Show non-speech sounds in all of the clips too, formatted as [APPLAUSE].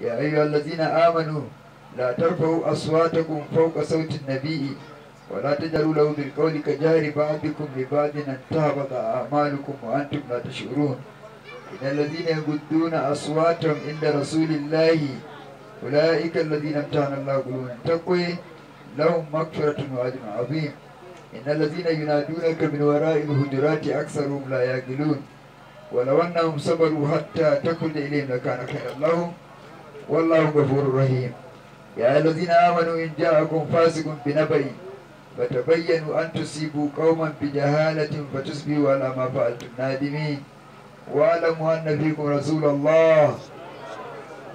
يا أيها الذين آمنوا لا ترفعوا أصواتكم فوق صوت النبي ولا تجروا له بالقول كجهر بعضكم لبعض أن تهبط أعمالكم وأنتم لا تشعرون إن الذين يغضون أصواتهم عند رسول الله أولئك الذين امتحن الله قلوبهم تقوي لهم مغفرة وأجر عظيم إن الذين ينادونك من وراء الهجرات أكثرهم لا يعقلون ولو أنهم صبروا حتى تكون إليهم لكان خيرا لهم والله غفور رحيم يا الذين آمنوا إن جاءكم فاسق بنبأ فتبينوا أن تصيبوا قوما بجهالة فتصبحوا على ما فعلتم نادمين واعلموا أن فيكم رسول الله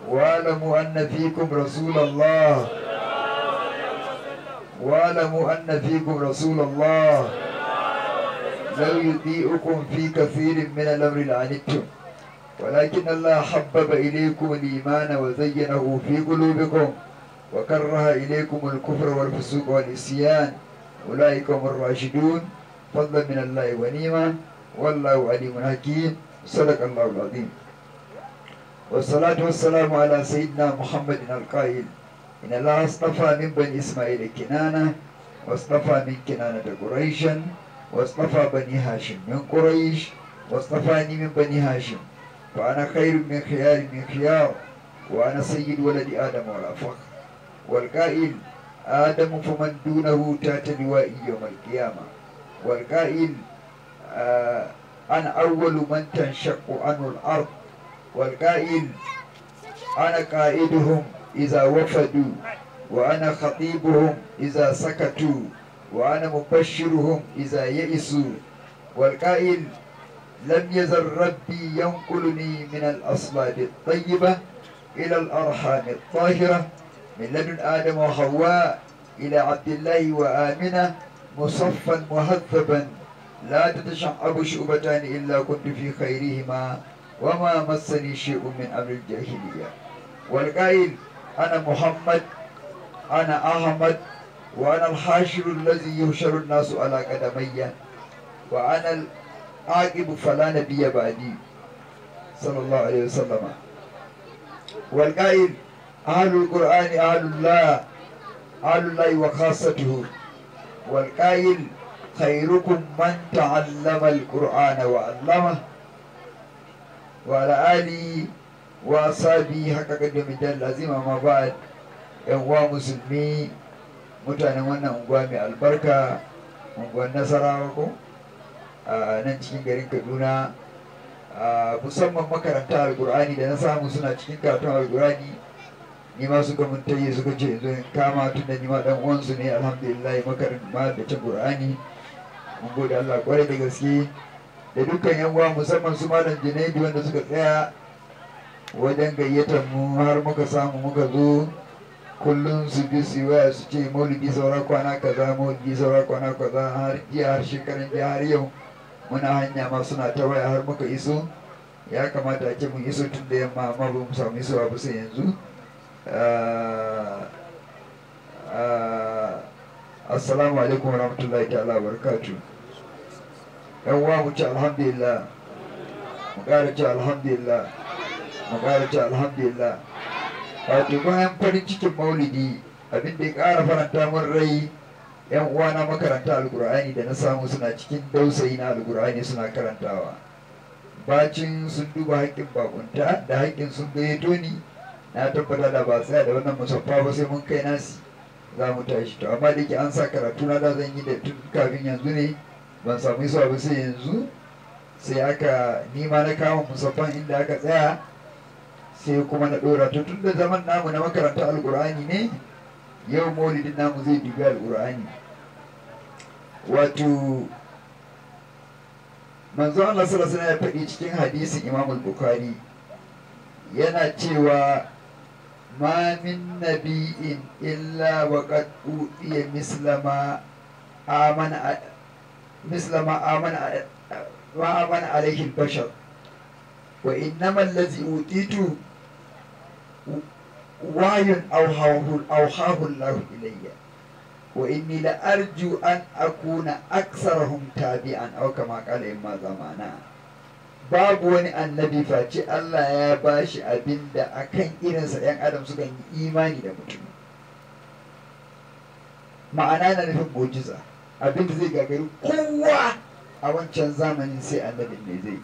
واعلموا أن فيكم رسول الله واعلموا أن فيكم رسول الله لو يضيئكم في كثير من الأمر لعنتم ولكن الله حبب إليكم الإيمان وزينه في قلوبكم وكره إليكم الكفر والفسوق والعصيان أولئك هم الراشدون فضلا من الله ونيما والله عليم حكيم صدق الله العظيم والصلاة والسلام على سيدنا محمد القائل إن الله اصطفى من بني إسماعيل كنانة واصطفى من كنانة قريشا واصطفى بني هاشم من قريش واصطفاني من بني هاشم وأنا خير من خيار من خيار وأنا سيد ولد آدم ولا فخر والقائل آدم فمن دونه تات لوائي يوم القيامة والقائل آه أنا أول من تنشق عنه الأرض والقائل أنا قائدهم إذا وفدوا وأنا خطيبهم إذا سكتوا وأنا مبشرهم إذا يئسوا والقائل لم يزل ربي ينقلني من الأصلاب الطيبة إلى الأرحام الطاهرة من لدن آدم وحواء إلى عبد الله وآمنة مصفا مهذبا لا تتشعب شؤبتان إلا كنت في خيرهما وما مسني شيء من أمر الجاهلية والقائل أنا محمد أنا أحمد وأنا الحاشر الذي يهشر الناس على قدمي وأنا aqibu fala nabiyya ba'di sallallahu alaihi wasallama wal qa'il ahlul qur'ani ahlullah ahlullah wa khassatuhu wal qa'il خيركم من تعلم القرآن Wa وعلى آله وأصحابه حق قدم الدين العظيم ما بعد ينوى مسلمي متعنى ونى unguwa mai albarka unguwar nasarawa ko nan cikin garin kaduna musamman makaranta alkur'ani da na samu suna cikin karatun alkur'ani ni ma suka mun tayi suka ce yanzu in kama tun da ni ma dan uwansu ne alhamdulillah makaranta da ta qur'ani mun gode Allah kwarai da gaske da dukkan yan uwa musamman su malam Junaidi wanda suka tsaya wajen gayyatar mu har muka samu muka zo kullum su bi su waya su ce maulidi saura kwana kaza maulidi saura kwana kaza har jiya har shekaran jiya har yau muna hanya ma suna ta waya har muka iso ya kamata a ce mun iso tun da yamma amma ba mu samu isowa ba sai yanzu ah, ah, assalamu alaikum wa rahmatullahi ta'ala barakatu yan uwa mu ci alhamdulillah mu ƙara ci alhamdulillah mu ƙara ci alhamdulillah wato bayan farin cikin maulidi abin da ya ƙara faranta mun rai yan uwana makaranta alkur'ani da na samu suna cikin dausayi na alkur'ani suna karantawa bacin sun duba haƙƙin bakunta da haƙƙin sun gayyato ni na tabbata da ba tsaya da wannan musaffa ba sai mun kai nasi za mu tashi to amma da ke an sa karatu na da zan yi da tun kafin yanzu ne ban samu isa ba sai yanzu sai aka nima na kama musaffan inda aka tsaya sai kuma na ɗora to tun da zaman namu na makaranta alkur'ani ne yau maulidin namu zai dubi alkur'ani wato manzo Allah sallallahu alaihi ya faɗi cikin hadisin Imam al-Bukhari yana cewa ma min nabi'in illa wa qad utiya mislama amana mislama amana wa amana alaihi bashar wa innama allazi utitu wayun aw hawhul aw lahu ilayya wa inni la arju an akuna aksarahum an aw kama qala imma zamana babu wani annabi face Allah ya bashi abinda akan irinsa yan adam sukan yi imani da mutum ma'ana na nufin mujiza abinda zai gagari kowa a wancan zamanin sai annabin ne zai yi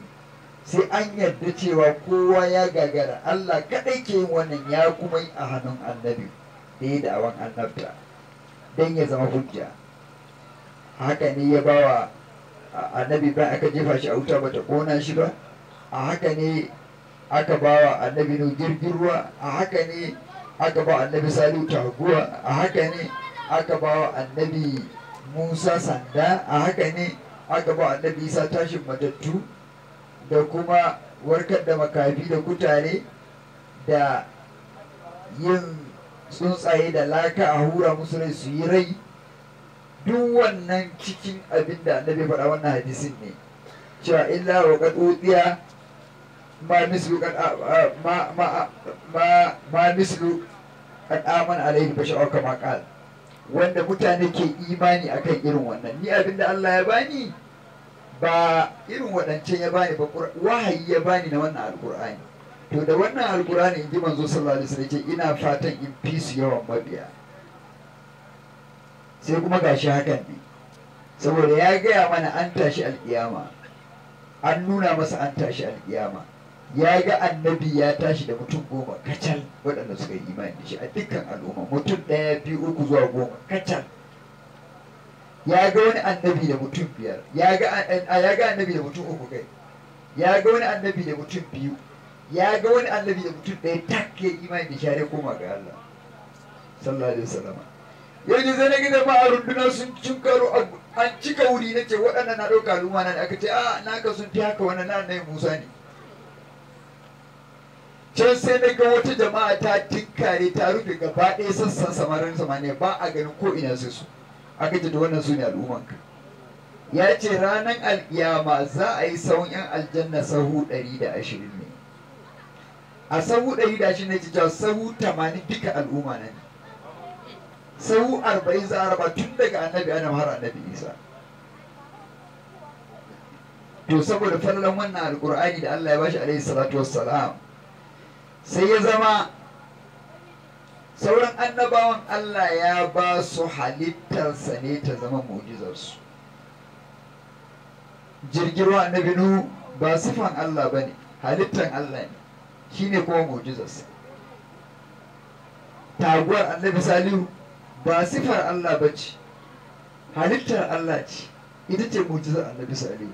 sai an yarda cewa kowa ya gagara Allah kaɗai ke yin wannan ya kuma yi a hannun annabi da ya annabta don ya zama hujja haka ne ya ba annabi ba aka jefa shi a wuta bata kona shi ba a haka ne aka ba annabi nu jirgin ruwa a haka ne aka ba annabi salihu taguwa a haka ne aka bawa annabi musa sanda a haka ne aka ba annabi isa tashin matattu da kuma warkar da makafi da kutare da yin tsuntsaye da laka a hura musu rai su yi rai duk wannan cikin abin da annabi faɗa wannan hadisin ne cewa illa wa ƙaɗoɗiya ma mislu ma mislu an aman alaihi bashar kama qal wanda mutane ke imani akan irin wannan ni abin da Allah ya bani ba irin waɗancan ya bani ba wahayi ya bani na wannan alkur'ani to da wannan alkurani in ji manzo sallallahu alaihi wasallam ce ina fatan in fi su yawan mabiya sai kuma gashi hakan ne saboda ya gaya mana an tashi alkiyama an nuna masa an tashi alkiyama ya ga annabi ya tashi da mutum goma kacal waɗanda suka yi imani da shi a dukkan al'umma mutum ɗaya biyu uku zuwa goma kacal ya ga wani annabi da mutum biyar ya ga annabi da mutum uku kai ya ga wani annabi da mutum biyu ya ga wani annabi da mutum ɗaya tak ya imani da share koma ga Allah sallallahu alaihi wasallam yanzu zai na da ma a rundunar sun cin karo an cika wuri na ce waɗannan na ɗauka luma na aka ce a naka sun fi haka wani na nai musa ne can sai na ga wata jama'a ta tinkare ta rufe gaba ɗaya sassan samarin samaniya ba a ganin ko ina sai su aka ce da wannan su ne al'ummanka ya ce ranar alƙiyama za a yi sauyin 'yan aljanna sahu ɗari da ashirin ne a sahu ɗari da shi ne cewa sahu tamanin duka al'umma na ne sahu arba'in za a raba tun daga annabi adam har annabi isa to saboda fallon wannan Alƙur'ani da Allah ya bashi alaihi salatu wassalam sai ya zama sauran annabawan Allah ya ba su halittarsa ne ta zama mu'jizarsu jirgin ruwa na binu ba sifan Allah ba ne halittar Allah ne Shi ne kuma mu'jizarsa taguwar annabi salihu ba sifar Allah ba ce halittar Allah ce ita ce mu'jizar annabi salihu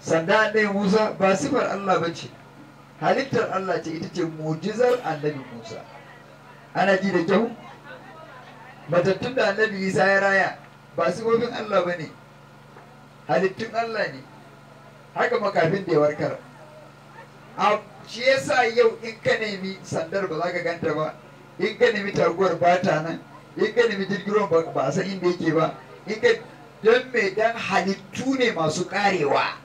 sanda annabi musa ba sifar Allah ba ce halittar Allah ce ita ce mu'jizar annabi musa ana ji da kyau matattun da annabi isa ya raya ba sifofin Allah ba ne halittun Allah ne haka makafin da ya warkar shi yasa yau in ka nemi sandar ba za ka ganta ba in ka nemi taguwar bata nan in ka nemi jirgin ba a san inda yake ba in ka don me dan halittu ne masu karewa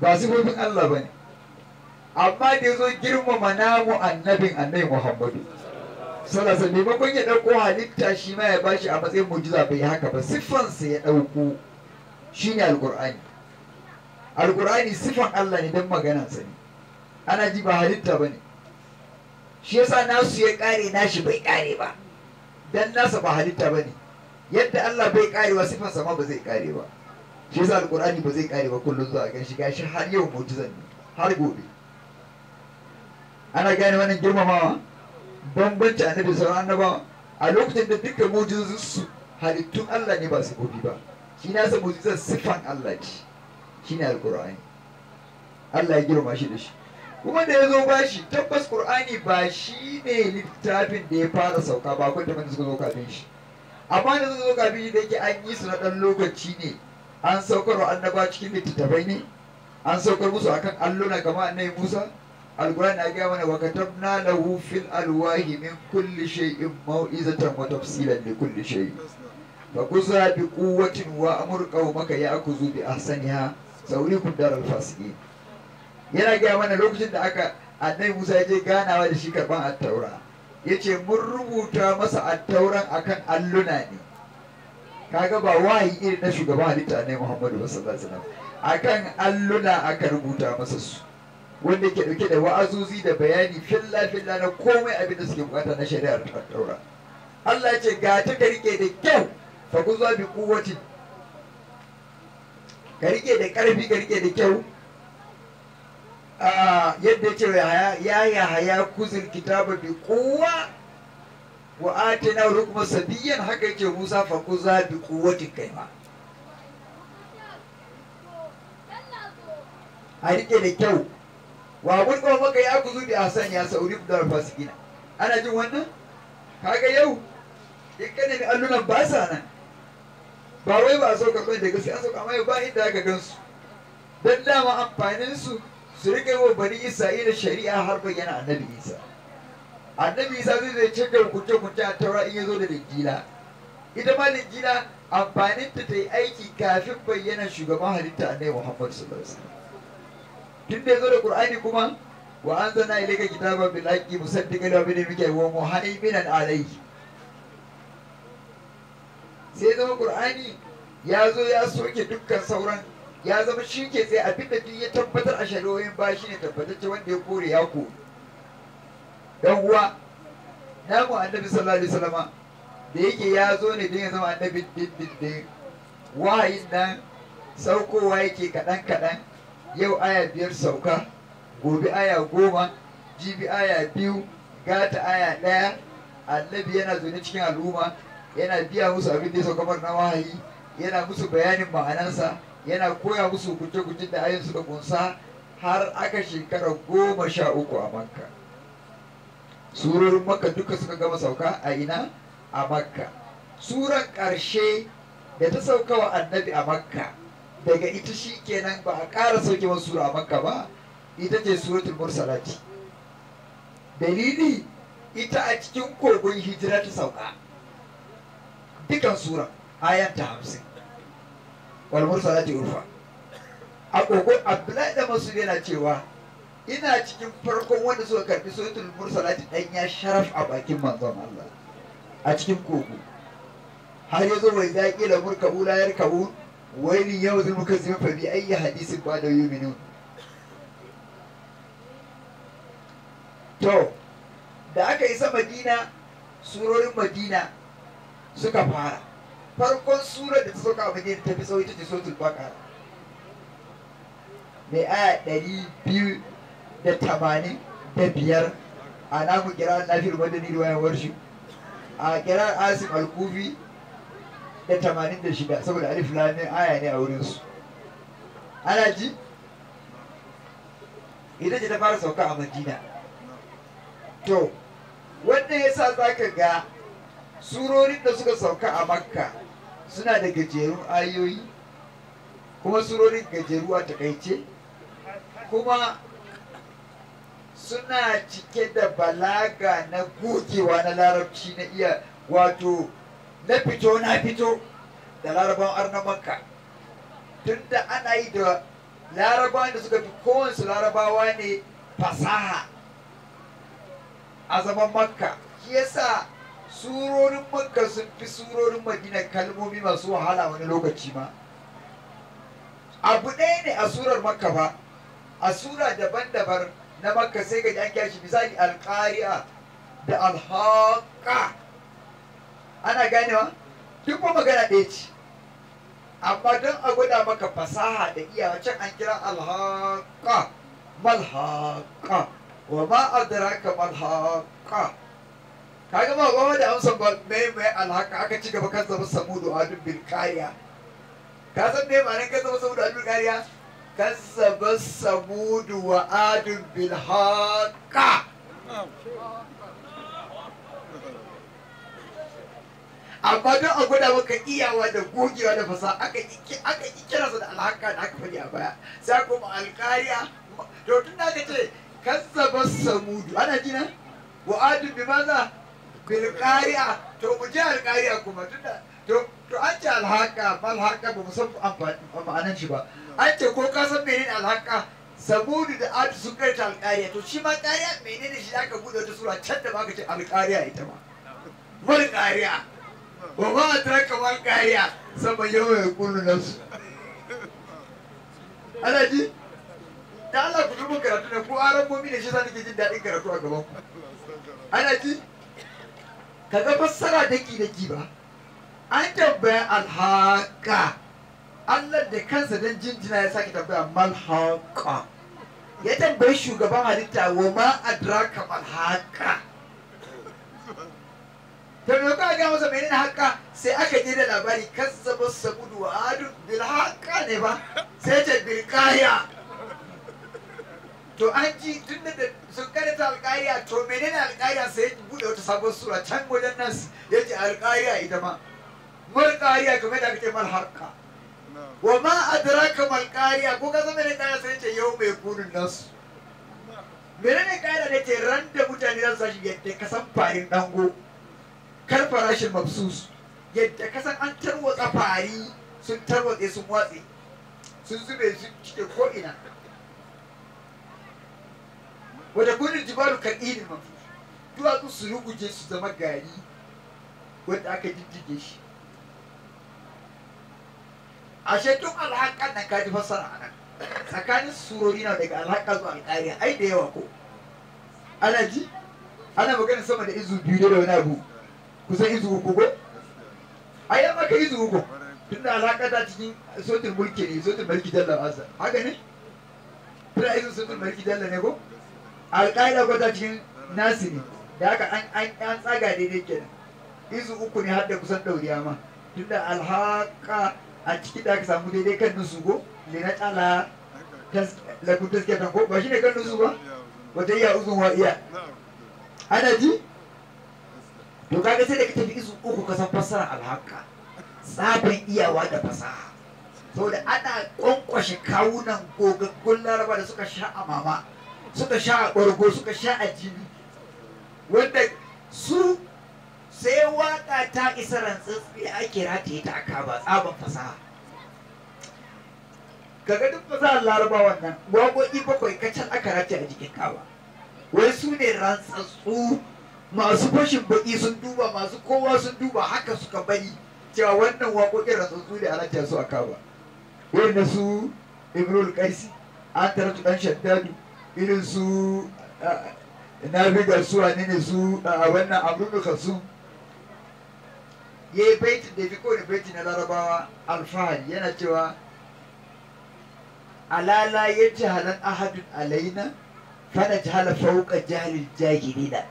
ba sifofin Allah ba ne amma da ya zo girmama namu annabin annabi Muhammadu salasa maimakon ya ɗauko halitta shi ma ya bashi a matsayin mujiza bai haka ba siffansa ya ɗauko shine alƙur'ani alƙur'ani siffan Allah ne don maganansa ne ana ji ba halitta ba ne shi yasa nasu ya kare nashi bai kare ba dan nasa ba halitta ba ne yadda Allah bai wa sifansa ma ba zai kare ba shi yasa alkur'ani ba zai kare ba kullum zuwa gan shi gashi har yau mu'jizan ne har gobe ana gane wannan girmamawa bambanci annabi sauran annabawa a lokacin da dukkan mu'jizan su halittun Allah ne ba su gobe ba shi nasa mu'jizan sifan Allah ce shine alkur'ani Allah ya girma shi da shi kuma da ya zo ba shi tabbas qur'ani ba shi ne littafin da ya fara sauka ba kun littafin da suka zo kafin shi amma da suka zo kafin shi da yake an yi su na ɗan lokaci ne an saukar wa annaba cikin littattafai ne an saukar musu akan alluna kamar annabi musa alquran na gaya mana wa katabna lahu fil alwahi min kulli shay'in mau'izatan wa tafsilan li kulli shay'in fa kusa bi quwwatin wa amur qaumaka ya'khudhu bi ahsaniha kun daral fasiqin yana gaya mana lokacin da aka annabi Musa ya je ganawa da shi karban attaura ya ce mun rubuta masa attauran akan alluna ne kaga ba wahayi irin na shugaban halitta ne Muhammadu ba sallallahu akan alluna aka rubuta masa su wanda ke dauke da wa'azuzi da bayani filla filla na komai abin da suke bukata na shari'ar attaura Allah ce ga ta ka rike da kyau fa ku bi kuwati ka rike da karfi ka rike da kyau Ah, yadda ce ya ya haya kuzin kitaba bi kowa wa atina rukma sabiyan haka ce musa fa kuza bi kuwati kaima a rike da kyau wa gurbar maka ya kuzu bi hasan ya sauri da fasikina ana jin wannan kaga yau ikka ne nemi allunan ba sa nan ba wai ba a sauka kwan da gaske an sauka amma ba inda aka gansu don dama amfanin su su rike wa bani isra'ila shari'a har bayyana annabi isa annabi isa zai zai cika kuce kuce a taura in ya zo da linjila ita ma linjila amfanin ta ta yi aiki kafin bayyana shugaban halitta annabi muhammad sallallahu alaihi wasallam tun da ya zo da qur'ani kuma wa anzalna ilayka kitaban bil haqqi musaddiqan lima bayna yadayhi wa muhaiminan alayhi sai zama qur'ani ya zo ya soke dukkan sauran ya zama shi ke tsaye abin da duk ya tabbatar a shari'o'in ba shi ne tabbatacce wanda ya kore ya dan uwa mu annabi sallallahu alaihi wasallama da yake ya zo ne don ya zama annabin dindindin wahayin nan saukowa yake kaɗan kaɗan yau aya biyar sauka gobe aya goma jibi aya biyu gata aya ɗaya annabi yana zaune cikin al'umma yana biya musu abin da ya sauka na wahayi yana musu bayanin ma'anansa yana koya musu guje-guje da ayin suka kunsa har aka shekara goma sha uku a makka surorin makka duka suka gama sauka a ina a makka surar ƙarshe da ta sauka wa annabi a makka daga ita shi kenan ba a ƙara sauke wasu sura a makka ba ita ce suratul mursalati dalili ita a cikin kogon hijira ta sauka dukan sura ayanta hamsin wal mursalati rufa a kogo abdullahi da masu yana cewa ina cikin farkon wanda suka karfi suratul mursalati ta ɗanya sharaf a bakin manzon Allah a cikin kogo har yazo wai za kila murkabu la wai ni yau zan muka zai fa bi ayi hadisin ba da yuminu to da aka isa madina surorin madina suka fara farkon surar da ta sauka a madina ta fi sauki ita ce suratul baqara mai aya ɗari biyu da tamanin da biyar a namu kiran lafiyar madani riwayar warshi a kira asim alkufi da tamanin da shida saboda alif lamin aya ne a wurinsu ana ji idan ce ta fara sauka a madina to wannan ya sa za ka ga surorin da suka sauka a makka suna da gajerun ayoyi kuma surorin gajeru a takaice kuma suna cike da balaga na gogewa na larabci na iya wato na fito na fito da laraban arnamanka tunda ana yi da laraba da suka fi kowansu larabawa ne fasaha a zaman makka shi yasa surorin makka sun fi surorin madina kalmomi masu wahala wani lokaci ma abu ɗaya ne a surar makka ba a sura daban-daban na makka sai ga an kyashi misali alƙari'a da alhaƙa ana ganewa duk ba magana ɗaya ce amma don a gwada maka fasaha da iyawa can an kira alhaƙa malhaƙa wa ma adraka malhaƙa kaga ba gwamnati da amsa ba me me alhaka aka ci gaba kan zama samudu adun bil kariya ka san me ma'anar kan zama samudu adun kariya kazzaba samudu wa adun bil haqa amma don a gwada maka iyawa da gogewa da fasa aka yi kira su da alhaka da aka fadi a baya sai kuma alkariya to tun da aka ce kazzaba samudu ana jina wa adu bi maza Ku bilƙari'a to mu ji alƙari'a kuma to to an ce alhaƙa ba alhaƙa ba mu san ma'anar shi ba an ce ko ka san menene alhaƙa saboda da adu sun karanta alƙari'a to shi ma ƙari'a menene shi aka buɗe wata sura can da ba ka ce alƙari'a ita ma wani ƙari'a Ba ma a taraka ma ƙari'a saboda yawan ya kullu nafsu ana ji da Allah ku duba karatu na ko aran momi da shi sa nake jin daɗin karatu a gaban ku ana ji ka ga fassara daki daki ba an tambaya alhaka Allah da kansa dan jinjina ya sake tambaya malhaka ya tambayi shugaban halitta wa ma adraka malhaka ta mai ka ga masa menene haka sai aka je da labari kazzaba sabudu wa adu bil haka ne ba sai ta bil to an ji tun da sun karanta alƙariya to menene alƙariya sai ya bude wata sabon sura can wajen nan ya ji alƙariya ita ma malƙariya game da kake mal harka wa ma adraka malƙariya ko ka zama ne ƙariya sai ce yau mai kunun nasu menene ƙariya da ce ran da mutane za su yadda ka san farin dango kar farashin mabsus yadda ka san an tarwatsa fari sun tarwatse sun watse sun zube sun cike ko'ina wata kone jibaru kan ɗini mafi duwatsu su ruguje su zama gari wanda aka diddige shi ashe duk alhakan nan kaji fassara a nan tsakanin surori na daga alhakan zuwa alkariya ai da yawa ko ana ji ana magana sama da izu biyu da wani abu kusan izu uku ko ai an maka izu uku tunda alhakan ta cikin sotin mulki ne sotin mulki jallar asa haka ne da izu sotin mulki jallar ne ko alƙaida gwada cikin nasi ne da haka an tsaga daidai kenan izu uku ne har da kusan dauriya ma tunda alhaka a ciki da aka samu daidai kan nusu go ne na tsala lakun ta ko ba shi ne kan nusu ba wata iya uzun wa iya ana ji to kaga sai da ka tafi izu uku ka san fassara alhaka tsafin iyawa da fasaha saboda ana kwankwashe kawunan gogaggun laraba da suka sha a mama suka sha a ɓargo suka sha a jini wanda su sai waka ta isa rantsatsi ake rataye ta aka ba tsaban fasaha ga duk fasahar larabawan wannan. waƙoƙi bakwai kacal aka rataye a jikin kawa wai su ne rantsatsu masu fashin baƙi sun duba masu kowa sun duba haka suka bari cewa wannan waƙoƙin rantsatsu ne a rataye su a kawa wai na su ibrul kaisi an tara dan shaddadu irin su na riga su wani ne su a wannan amurka su ya yi baitin da fi kowane baiti na larabawa alfahari yana cewa alala ya ci halar ahadun alaina fana ji halar fauka jahilin jahilina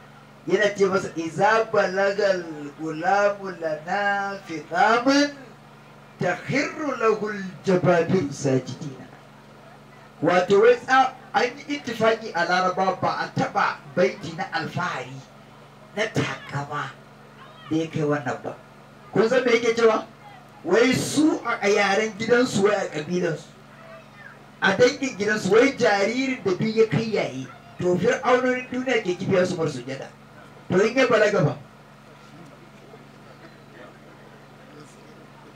yana ce masa iza balagal gulamu lana fitamin ta hirru lahul jababin sajidina wato wai an yi ittifaki a laraba ba a taba baiti na alfahari na takama da ya kai wannan ba kun san me yake cewa wai su a yaren gidansu wai a kabilansu a dangin gidansu wai jaririn da biyu ya kai yayi to aunorin duniya ke kibiya su bar sujada to in yi balaga ba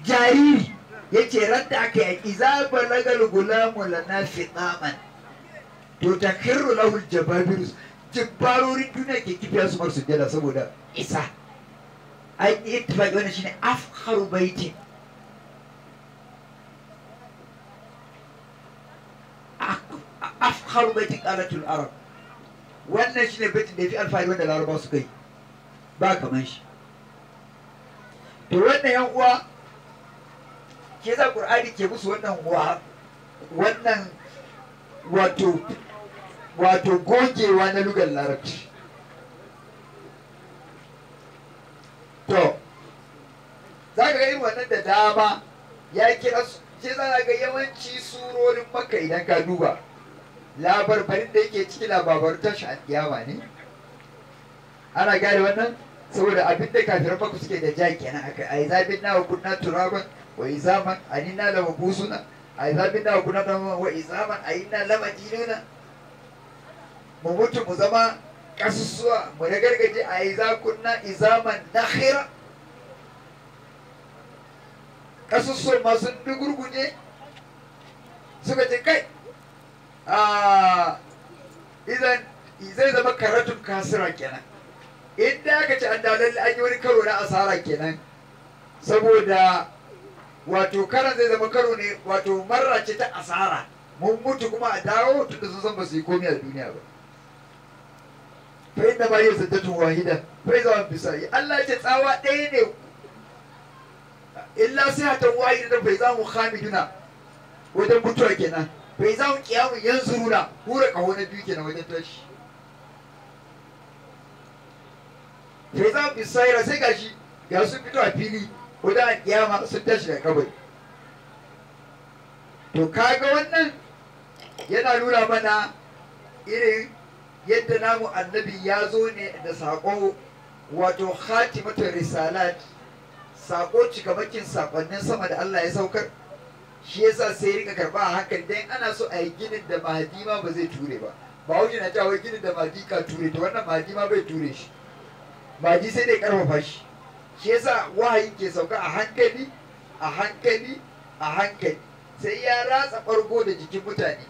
jariri ya ce ranta aka yaki za balaga gulamu lana fitaman to ta kirru lahul jababirus jibbarorin duniya ke kifiya su mar sujjada saboda isa ai ittifaqi wannan shine afkharu baitin afkharu baitin qalatul arab wannan shine baitin da fi alfahari wanda laraba su kai ba kaman shi to wannan yan uwa ke za qur'ani ke musu wannan wa wannan wato wato gogewa na lugar larabci to za ka ga irin wannan da dama ya kira su ce za ga yawanci surorin maka idan ka duba labarbarin da yake ciki labarbarin tashi alkiyama ne ana gane wannan saboda abin da kafin maka suke da ja kenan aka yi zaɓin nawa kunna turaban wa yi zaman? A na lama busuna. A yi zaɓin nawa kunna turaban wa yi zaman? A yi na la nuna? mu mutu mu zama ƙasusuwa mu da gargaje a yi zakunna izaman khira ƙasusuwan masu dugurguje suka ce kai a idan zai zama karatun kasira kenan inda aka ci an dalilin an yi wani karo na asara kenan saboda wato karan zai zama karo ne wato marra ce ta asara mun mutu kuma a dawo tunda sun san ba su yi komai a duniya ba fa inna ma hiya sajdatun wahida fa iza hum bisa. Allah ce tsawa ɗaya ne illa sihatan wahidatan fa iza hum khamiduna wajen mutuwa kenan fa iza hum qiyamun yanzuruna hura kaho na biyu kenan wajen tashi fa iza bisa bisaira sai gashi ga sun fito a fili wajen a kiyama sun tashi da kabari to kaga wannan yana nuna mana irin yadda namu annabi ya zo ne da saƙo wato khatimatul risalat saƙo cikamakin saƙonnin sama da Allah ya saukar shi yasa sai rika karba a hakan dan ana so a yi ginin da mahadi ma ba zai ture ba ba wuce na cewa ginin da mahadi ka ture to wannan mahadi ma bai ture shi mahadi sai dai karfafa shi shi yasa wahayin ke sauka a hankali a hankali a hankali sai ya ratsa farko da jikin mutane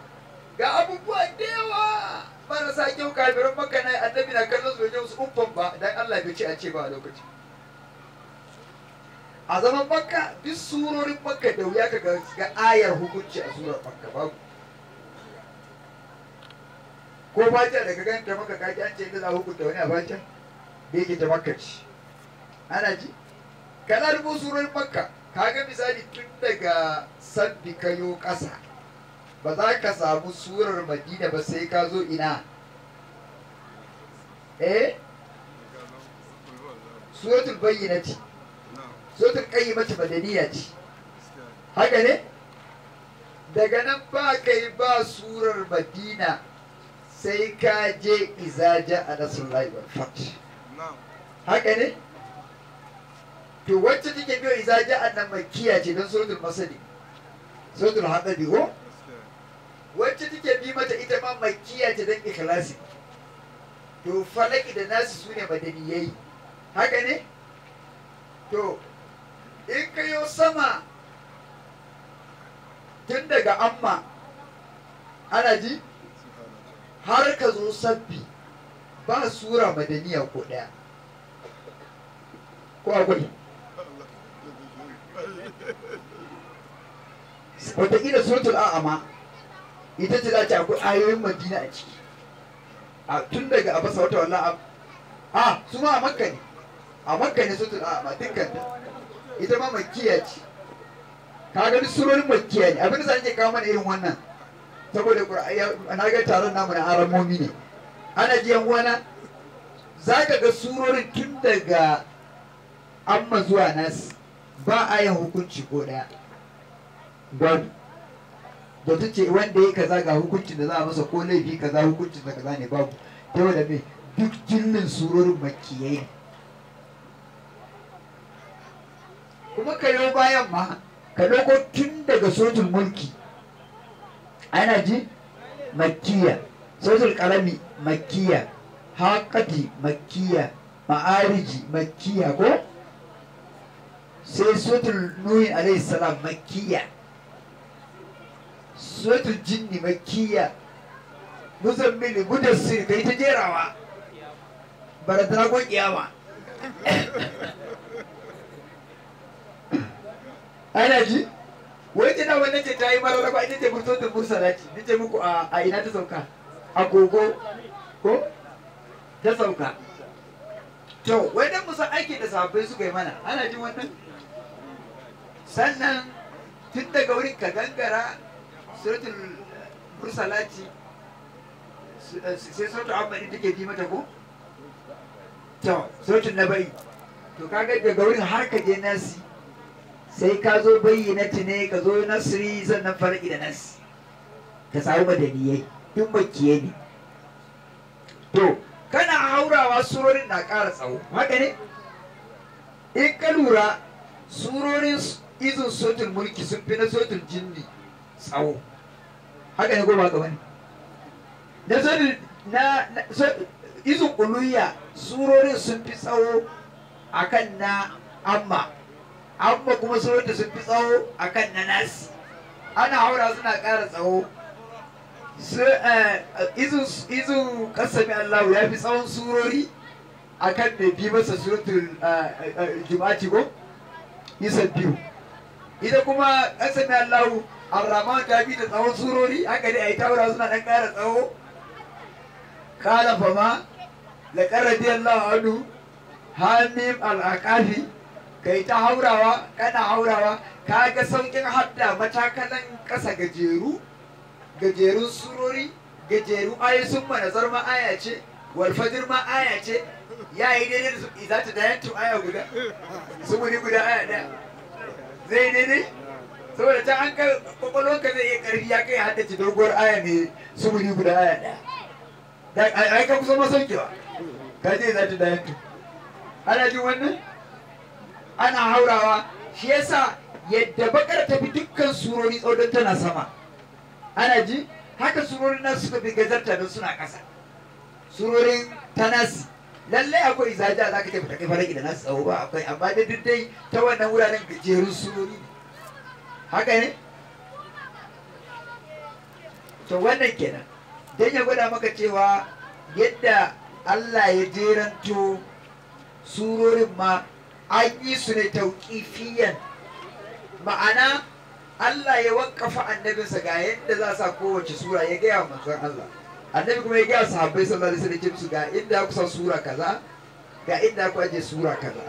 ga abubuwa da yawa marasa kyau kafiran na annabi na kallon su wajen su ba dan Allah bai ce a ce ba a lokaci a zaman makka duk surorin makka da wuya ka ga ayar hukunci a surar makka ba ko fata daga ta maka kaki an ce ta za hukunta wani a fata da ta makka ce ana ji kana rubu surorin makka kaga misali tun daga sabbi kayo ƙasa ba za ka samu surar madina ba sai ka zo ina eh suratul bayyana ce suratul qayyima ce madaniya ce haka ne daga nan ba kai ba surar madina sai ka je izaja a nasrullahi wal fati haka ne to wacce take biyo izaja a nan makiya ce don suratul masani. suratul hadabi ko wacce take bi mata ita ma makiya ta dan ikhlasi to falaki da nasu su madani yayi haka ne to in kayo sama tun daga amma ana ji har ka zo sabbi ba sura madaniya ko daya ko akwai wataƙila suratul a'ama ita ce za ta akwai ayoyin madina a ciki a tun daga a fasa wata abu. a su ma a makka ne a makka ne sutun a ma dukkan ta ita ma makkiya ce ka gani surorin makkiya ne abin da zan ke kawo mana irin wannan saboda na ga taron namu na aramomi ne ana jiyan wana za ka ga surorin tun daga amma zuwa nasu. ba a yin hukunci ko ɗaya gwadu da ta ce wanda ya kaza ga hukuncin da za a masa ko laifi kaza hukuncin da kaza ne babu yau da mai duk jinnin surorin makiyai kuma ka yi bayan ma ka dauko tun daga sojin mulki ana ji makiya sojin ƙarami makiya haƙati makiya ma'ariji makiya ko sai sojin nuhin alaihi salam makiya suratul jinni makkiya muzammil mudassir kai ta jerawa barazana ko kiyama [COUGHS] ana ji wai ta wannan ce ta yi mara raba ita ce murtotul mursala ce nace muku a ina ta sauka a gogo ko ta sauka to wai musa musan aiki da sahabbai suka yi mana ana jin wannan sannan tun daga wurin ka gangara suratul bursalati eh, eh, sai sautu abadi take bi mata ko to suratul nabai to kaga daga wurin har ka je nasi sai ka zo bayyana ne ka zo nasri sannan far'i da nasi ka samu madaniyai duk makiye ne to kana haurawa surorin na ƙara tsawo haka ne in ka lura surorin izin sotul mulki sun fi na sotul jinni tsawo haka ne ko ba ka bane da sai na izin kuluyya surorin sun fi tsawo akan na amma amma kuma wanda sun fi tsawo akan na nasi ana haura suna ƙara tsawo eh, izin kasami allahu ya fi tsawon surori akan mai bi masa surutun eh, eh, juma'ati ko nisan biyu ita kuma kasami allahu arrahman ta bi da tsawon surori haka dai a yi taura suna ɗan ƙara tsawo kala fama da ƙarrabi Allah anu hamim al'akafi kai ta haurawa kana haurawa ka ga saukin hadda matakalan ƙasa gajeru gajerun surori gajeru ayi sun manazar ma aya ce walfajir ma aya ce ya yi daidai da su za ta dayantu aya guda su guda aya ɗaya zai daidai saboda can an kai kwakwalwanka zai iya ƙarfi ya kai haddace doguwar aya mai sumuni guda aya ɗaya ai ka kusa masaukewa ka je za ta dayan ana jin wannan ana haurawa shi yasa yadda bakar ta fi dukkan surori tsodon tana sama ana ji haka surorin nan suka fi gazarta don suna ƙasa surorin tanasi lallai akwai izaja za ka tafi ta kai faraki da nasu tsawo ba akwai amma da duk dai ta wannan wuraren gajerun surori haka ne to wannan kenan don ya gwada maka cewa yadda Allah ya jeranto surorin ma an yi su ne tauƙifiyan ma'ana Allah ya wakafa annabinsa ga yadda za sa kowace sura ya gaya wa manzon Allah annabi kuma ya gaya sahabbai sallallahu alaihi wasallam su ga inda kusa sura kaza ga inda ku aje sura kaza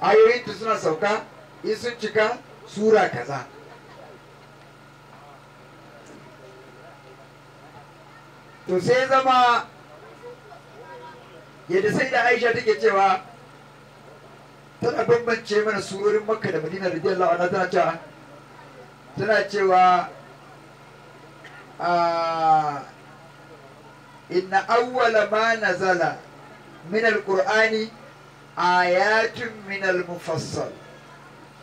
ayoyin suna sauka in sun cika sura kaza to sai zama yadda sai da aisha take cewa tana bambance mana surorin makka da madina jiyar anha tana cewa tana cewa ah, inna awwala ma nazala min al-qur'ani ayatun min al-mufassal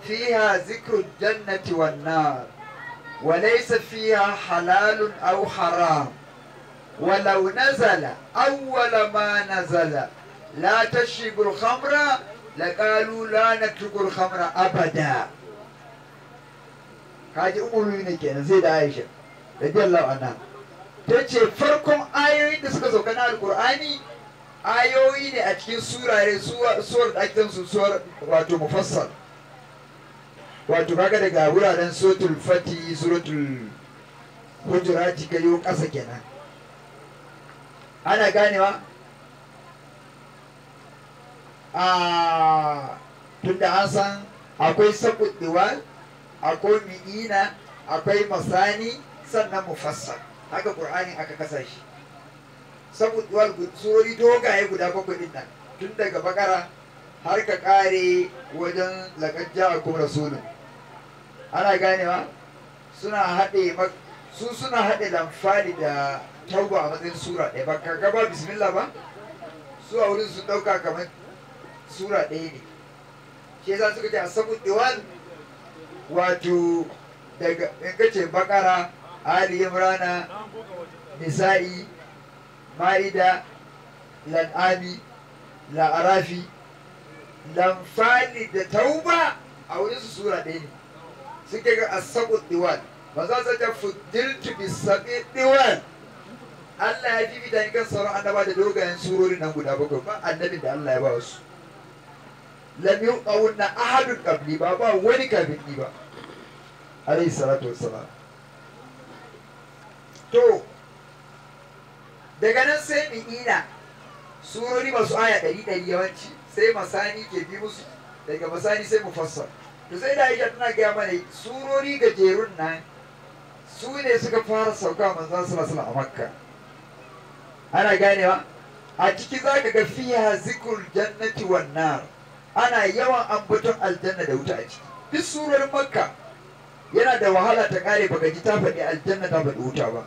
فيها ذكر الجنة والنار وليس فيها حلال أو حرام ولو نزل أول ما نزل لا تشرب الخمر لقالوا لا نترك الخمر أبدا هذه أم المؤمنين زيد عائشة رضي الله عنها تجي فرقم آيوين تسكزو كان القرآني آيوين أتكين سورة سورة أتكين سورة واتو مفصل wato kaga daga wuraren sotul fati suratul hujurati kayo ƙasa kenan ana ganewa a tunda an san akwai sakuɗewa akwai mi'ina akwai masani sannan mufassa haka ƙur'ani aka kasa shi sabuɗuwar surori dogaye guda bakwai ɗin nan tun daga bakara har ka ƙare wajen lakajja a kuma rasulun ana ganewa suna haɗe su suna haɗe lamfari da tauba a matsayin sura ɗaya ba kaga ba bismillah ba su a wurin su ɗauka kamar sura ɗaya ne shi za su suka a asabu diwan wato daga in kace bakara ali imrana nisa'i ma'ida lan'ami la'arafi lamfali da tauba a wurin su sura ɗaya ne suke ga asabu diwan ba za su ta fuddiltu bi sabi diwan Allah ya ji da ga sauran annaba da dogayen surorin nan guda bakwai ba annabi da Allah ya ba su lam yu qawna ahadu qabli ba ba wani kafin ni ba alayhi salatu wassalam to daga nan sai ina surori masu aya ɗari ɗari yawanci sai masani ke bi musu daga masani sai fassara. to sai da aisha tana gaya mana surori gajerun nan su ne suka fara sauka manzon sallallahu a makka ana ganewa a ciki za ka ga fiha zikrul jannati wan nar ana yawan ambaton aljanna da wuta a ciki duk surorin makka yana da wahala ta kare baka ji ta faɗi aljanna ta faɗi wuta ba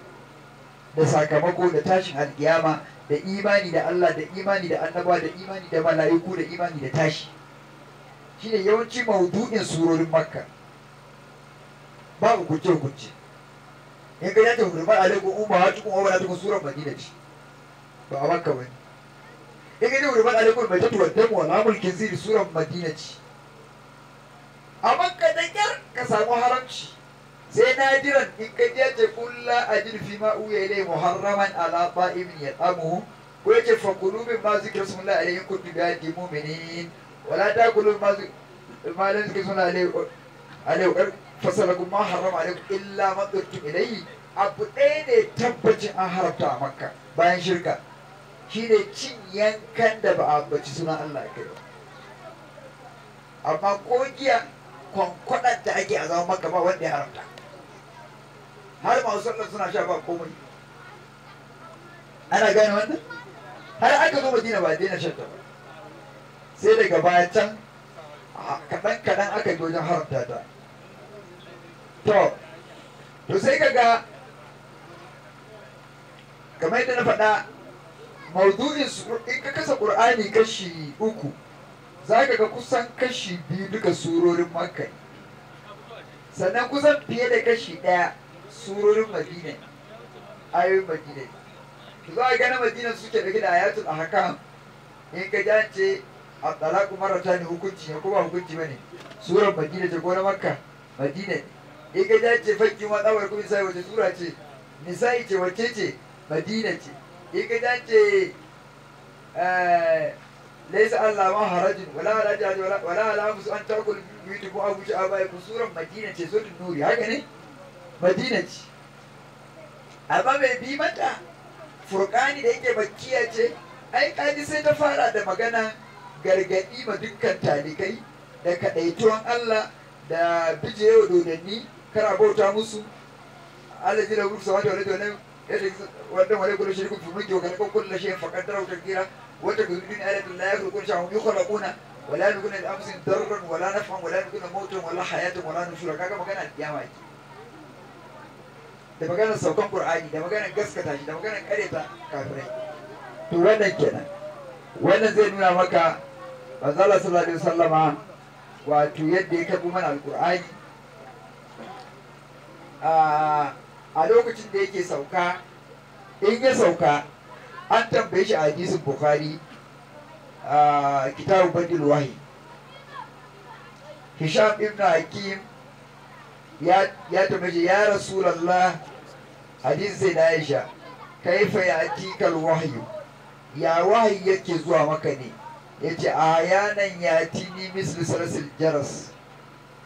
da sakamako da tashin alkiyama da imani da Allah da imani da annaba da imani da mala'iku da imani da tashi shine yawanci maudu'in surorin makka babu kunce kunce in ga kuma hurma alaikum umma wa tukum wa balatukum surar madina ce ba a makka ba in ga hurma alaikum mai tatuwa da wala mulkin kinziri surar madina ce a makka da kyar ka samu haramci sai na jiran in ka je ce kulla ajin fi ma uya ilai muharraman ala ba'imin yadamu ko yace fa kulubi ma zikra sunullahi alaihi kuntum bi mu'minin wala ta kulu malin suke suna alaikar fasalakun ma haram alaikun illa matsartu ilayi abu ɗaya ne tabbacin an haramta a makka bayan shirka shi ne cin yankan da ba a ambaci suna allah kai ba amma giya, kwankwaɗar da ake a zama makka ba wanda ya haramta har masu sallar suna sha ba komai ana gane wannan har aka zo madina ba daina shan ta ba sai daga baya can kaɗan kaɗan aka yi wajen haramta ta to to sai ka ga kamar yadda na faɗa maudu'in in ka kasa ƙur'ani kashi uku za ka ga kusan kashi biyu duka surorin makai sannan kusan fiye da kashi ɗaya surorin madina ayoyin madina za a gana madina suke ɗauke da ayatul ahkam in ka jace a talaku marata hukunci ne kuma ba hukunci ba ne surar madina ce ko na makka madina ne in ga ce fakki ma tsawar kuma sai wace sura ce nisa'i ce wace ce madina ce in ga ce eh, laisa Allah ma harajin wala wala jaji wala wala musu an takul yuti ko abu sha'a bai ku suran madina ce sotun nuri haka ne madina ce amma bai bi mata furkani da yake bakkiya ce ai kaji sai ta fara da magana gargaɗi ma dukkan talikai da kaɗaituwan Allah da bije bijewa dodanni kara bauta musu Allah jira gudu sama da wani donan yadda wadda wani gudu shirkun fi mulki wa kalakon kudu lashe faƙar tarau tarkira wata gudu duniya ayatun la ya kudu shahu yi kuna wala nukuna da amsin darran wala nafan wala nukuna motun wala hayatun wala nushura kaga magana kiyama ke da magana saukan qur'ani da magana gaskata shi da magana kareta kafirai to wannan kenan wannan zai nuna maka manzo Allah sallallahu alaihi wasallama wato yadda ya tabo mana alkur'ani a lokacin da yake sauka in ya sauka an tambaye shi a hadisin bukhari kitabu badil wahi hisham ibn hakim ya tambaye ya ya rasulullah sai na aisha kaifa ya atikal wahyu ya wahayi yake zuwa maka ne يجي أحيانا يأتيني مثل سلسلة الجرس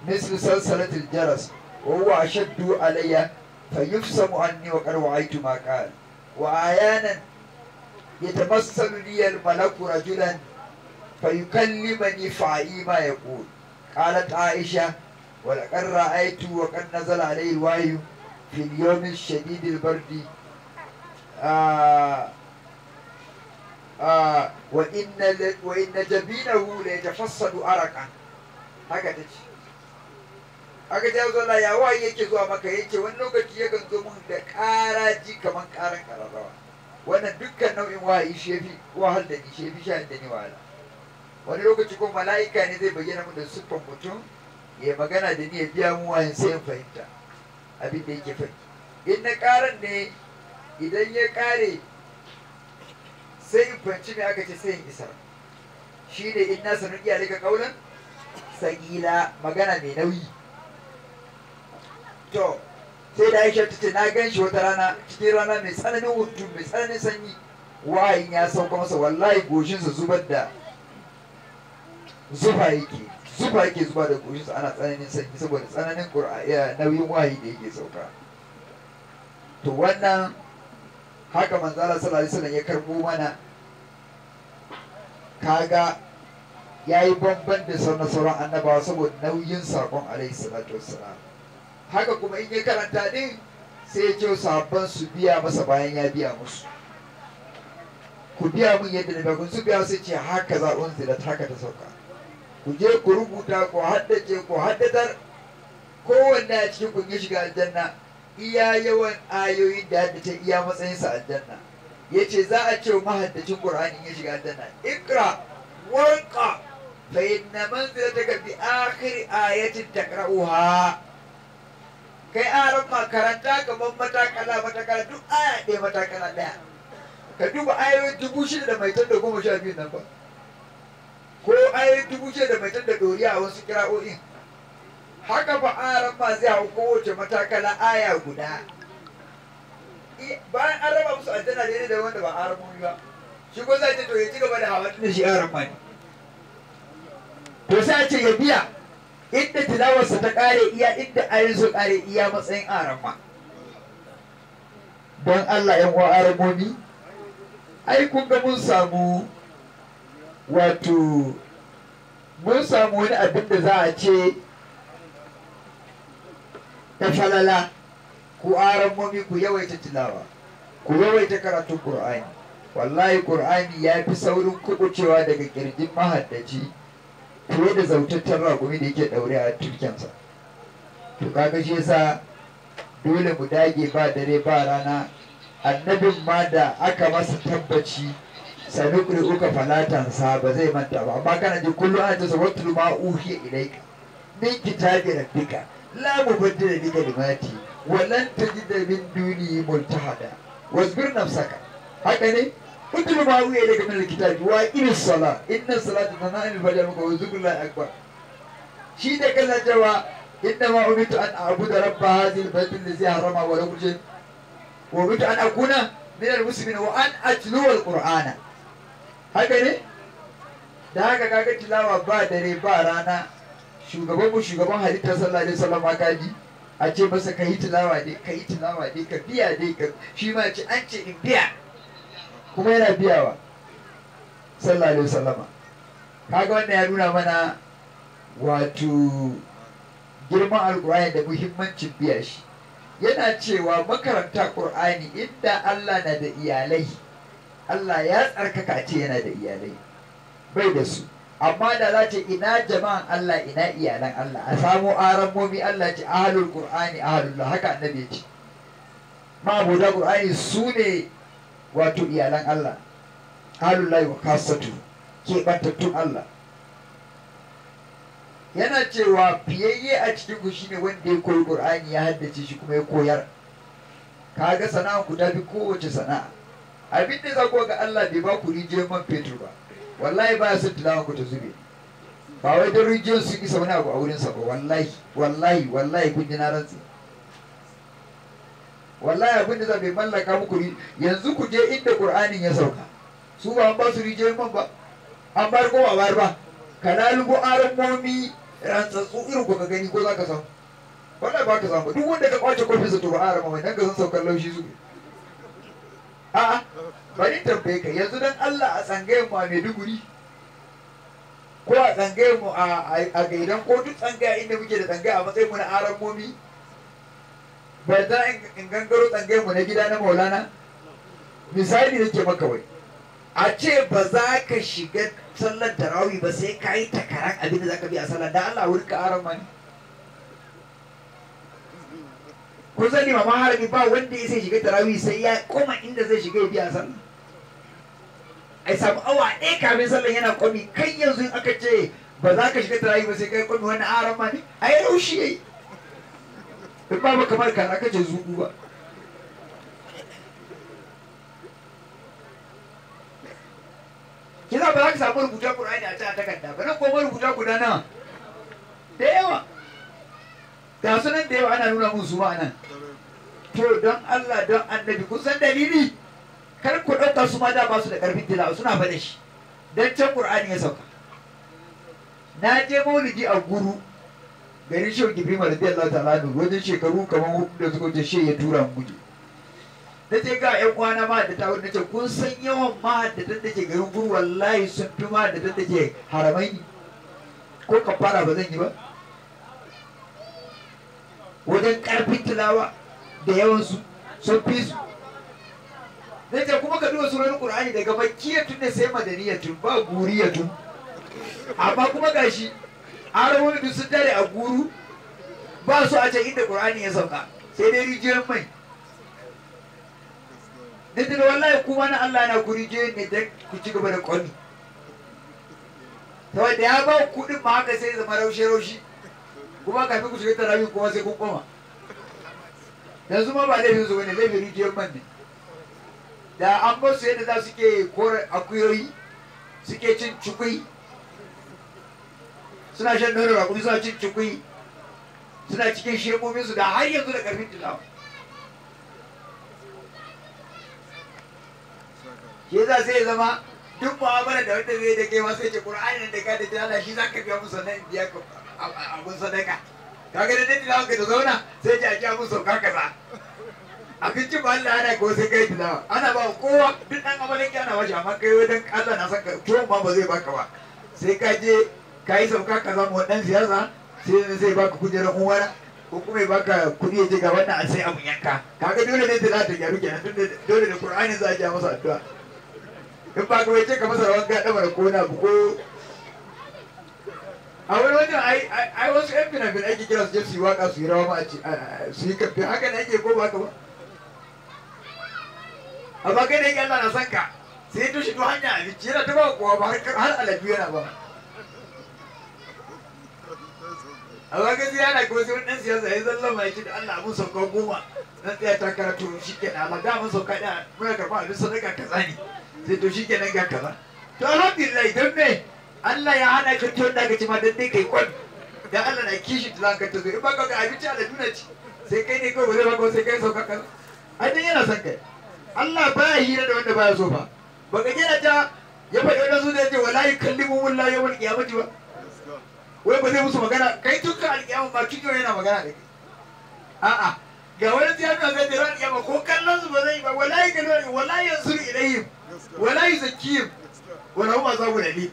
مثل سلسلة الجرس وهو أشد علي فيفصم عني وقد وعيت ما قال وأحيانا يتمثل لي الملك رجلا فيكلمني فعي ما يقول قالت عائشة ولقد رأيت وقد نزل عليه الوحي في اليوم الشديد البرد آه wa inna jabinahu la yatafassadu araqan haka tace haka ta zo la wai yake zuwa maka yake wani lokaci yakan zo mun da karaji kaman karan ƙararrawa wannan dukkan nau'in wahayi shefi wahal da ni shefi sha da ni wahala wani lokaci ko mala'ika ne zai bayyana mun da siffan mutum ya magana da ni ya biya mu wahayin sai fahimta abin da yake fahimta. in na ƙaran ne idan ya ƙare sai in fahimci me aka ce sai in isar shi ne in na iya daga kaulan sagila magana mai nauyi to sai da aisha ta ce na gan shi wata rana cikin rana mai tsananin hutu mai tsananin sanyi wayin ya sauka masa wallahi goshinsa zubar da zufa yake zufa yake zuba da goshinsa ana tsananin sanyi saboda tsananin nauyin wayi da yake sauka to wannan haka manzala sallallahu alaihi wasallam ya karbo mana kaga ya yi bamban da sauran sauran annabawa saboda nauyin sakon alaihi salatu wassalam haka kuma in ya karanta din sai ya ce sabon su biya masa bayan ya biya musu ku biya mun yadda na bakun su biya sai ce haka za da haka ta sauka ku je ku rubuta ku haddace ku haddatar kowanne a cikin kun ya shiga aljanna iya yawan ayoyi da haddace iya matsayinsa aljanna ya ce za a ce mahaddacin ƙur'ani ya shiga aljanna ikra warka fa inna manzilataka bi akhir ayatin taqra'uha kai aron makaranta karanta matakala matakala duk aya ɗaya matakala ɗaya ka duba ayoyin dubu shida da mai da goma sha biyu nan ba ko ayoyin dubu shida da mai da doriya a wasu kira'o'in haka ba aran ma zai hau kowace matakala aya guda bayan an raba musu aljanna daidai da wanda ba aran mu ba shi ko zai ce to ya ci gaba da hawa tunda shi 'yan raba ne to sai a ce ya biya inda tilawarsa ta kare iya inda a yanzu kare iya matsayin aran raba don Allah yan uwa aramomi ai kun ga mun samu wato mun samu wani abin da za a ce ta falala ku aramomi ku yawaita tilawa ku yawaita karatun qur'ani wallahi qur'ani ya fi saurin kubucewa daga kirjin mahaddaci fiye da zautattar ragumi da yake daure a turkensa to kaga shi yasa dole mu dage ba dare ba rana annabin ma da aka masa tabbaci kuri uka falatansa ba zai manta ba amma kana ji kullum ana ta sabon tulma uhiya ilaika min kitabi rabbika لا مبدل لكلماتي ولن تجد من دوني ملتحدا واصبر نفسك هكذا اتل ما اوحي اليك من الكتاب واقم الصلاه ان الصلاه تنهى عن الفجر وذكر الله اكبر شيء ده كلا جوا انما امرت ان اعبد رب هذه البيت الذي حرمه ولا شيء وامرت ان اكون من المسلمين وان اتلو القران هكذا da haka kaga tilawa ba dare ba rana shugaban mu shugaban halittar sallallahu alaihi wasallam ka ji a ce masa ka yi tilawa dai ka yi tilawa dai ka biya dai ka shi ma ce an ce in biya kuma yana biyawa sallallahu alaihi wasallam kaga wannan ya nuna mana wato girman alkur'ani da muhimmancin biya shi yana cewa makaranta qur'ani inda Allah na da iyalai Allah ya tsarkaka ce yana da iyalai bai da su amma da za ce ina jama'an Allah ina iyalan Allah a samo aran momi Allah ce ahlul qur'ani ahlullah haka annabi ya ce da qur'ani su ne wato iyalan Allah ahlullahi wa kasatu ke bantattun Allah yana cewa fiyayye a cikin ku shine wanda ya koyi qur'ani ya haddace shi kuma ya koyar kaga sana'a ku ta bi kowace sana'a abin da za ku ga Allah bai ba ku rijiyar man fetur ba wallahi ba su tilawa ku ta zube ba wai don rijiyar su isa wani abu a wurinsa ba wallahi wallahi wallahi kun ji na rantsi wallahi abin da zabe mallaka muku yanzu ku je inda qur'anin ya sauka su ba an ba su rijiyar man ba an bar ko ba bar ba kana aran momi, rantsatsu irin ku ka gani ko za ka samu wallahi ba ka samu duk wanda ka kwace kofin sa to ba arama mai, nan ka san saukar laushi su bari tambaye ka yanzu dan Allah a tsangayen mu a Maiduguri ko a tsangayen mu a gaidan ko duk tsangaya inda muke da tsangaya a matsayin mu na aran momi ba da in gangaro tsangayen mu na gida na Maulana misali yake maka wai a ce ba za ka shiga sallar tarawih ba sai ka yi takarar abin da za ka bi a sallar dan Allah wurin ka aran mani kun sani ma harami ba wanda ya sai shiga tarawih sai ya koma inda zai shiga ya biya sallah ai samu awa ɗaya kafin sallah yana kwami kai yanzu in aka ce ba za ka shiga tarawih ba sai kai kwami wani aran ma ne ai laushi yayi in ba ba kamar ka aka ce zuɗu ba kina ba za ka samu rubuta Qur'ani a ta takarda ba nan ko rubuta guda na da yawa ga su nan da yau ana nuna mun su ma nan to don Allah don annabi kun san dalili kar ku ɗauka su ma da ba su da ƙarfin tilawa suna faɗa shi dan can Qur'ani ya sauka na je maulidi a guru garin shehu gibrima radiyallahu ta'ala da wajen shekaru kamar hudu da suka wuce ya tura mu je na je ga yan uwana ma da tawo ce kun san yawan ma da ta take garin guru wallahi sun fi ma da ta take haramai ko kafara ba zan yi ba wajen ƙarfin tilawa da yawansu sun fi su zai ce kuma ka duba surar ƙur'ani daga ya ne sai tun ba tun. amma kuma gashi arabobi duk sun dare a guru ba su a can inda ƙur'ani ya sauka sai dai rijiyar mai da tuna wallahi kuma na Allah na guri je ne don ku ci gaba da ƙwani da ya ba kuɗin ma haka sai zama raushe-raushe kuma kafin ku shiga tarawih kuma sai kun koma yanzu ma ba laifin su bane laifin rijiyar man ne da an ba su yadda za su ke kore akuyoyi suke cin cikui suna shan nono rakumi suna cin cikui suna cikin shekumin su da har yanzu da karfin tilawa ke za sai zama duk mu'amala da wanda zai da kai sai ce qur'ani da ka da Allah shi zaka biya musu nan biya abun sadaka Ka ga da dadi lawan ka ta zauna sai ce a kiya musu ka kaza abinci ba Allah ana ko sai kai tilawa ana ba kowa duk dan amalan ki ana waje amma kai wajen Allah na saka ko ma ba zai baka ba sai ka je ka yi sauka ka zama wadan siyasa sai zai baka kujerar uwara ko kuma ya baka kuɗi ya je ga wannan a sai abun yanka kaga dole ne da za ta gyaru kenan dole da Qur'ani za a ja masa addu'a in ba ka ce ka masa rawar gaɗa mara kona bu ko a wani wajen ai wasu yan fina-fina ake kira su je su yi waka su yi rawa ma a su yi kafin haka ne ake ko ba ka ba amma kai da yake Allah na san ka sai ya tushe ta hanya abinci yana ta ba kowa ba har alabi yana ba amma kai sai yana kuma sai wani ɗan siyasa ya zalla ma yake da Allah abun sauka goma na tsaya takara to shi kenan amma da mun sauka da muna karɓar abin sadaka kaza ne sai to shi kenan ga kaza to alhamdulillah don me Allah ya hana ka ciwon da ka ci ma dan dai kai kwan da Allah na kishi da zaka ta zo in baka ga abinci a duniya ci sai kai ne kawai ba zai baka sai kai sauka kan a dan yana son kai Allah ba ya hira da wanda ba ya so ba ba ka gina ta ya faɗi wani da ce wala yukallimu wallahu yawmal qiyamati ba wai ba zai musu magana kai tun ka ba kike yana magana da kai a'a ga wani jami'a zai da ran yamma ko kallon su ba zai yi ba wala yi gano ne wala yi yanzu ilayhim wala yi zakiyim wala huma da ni.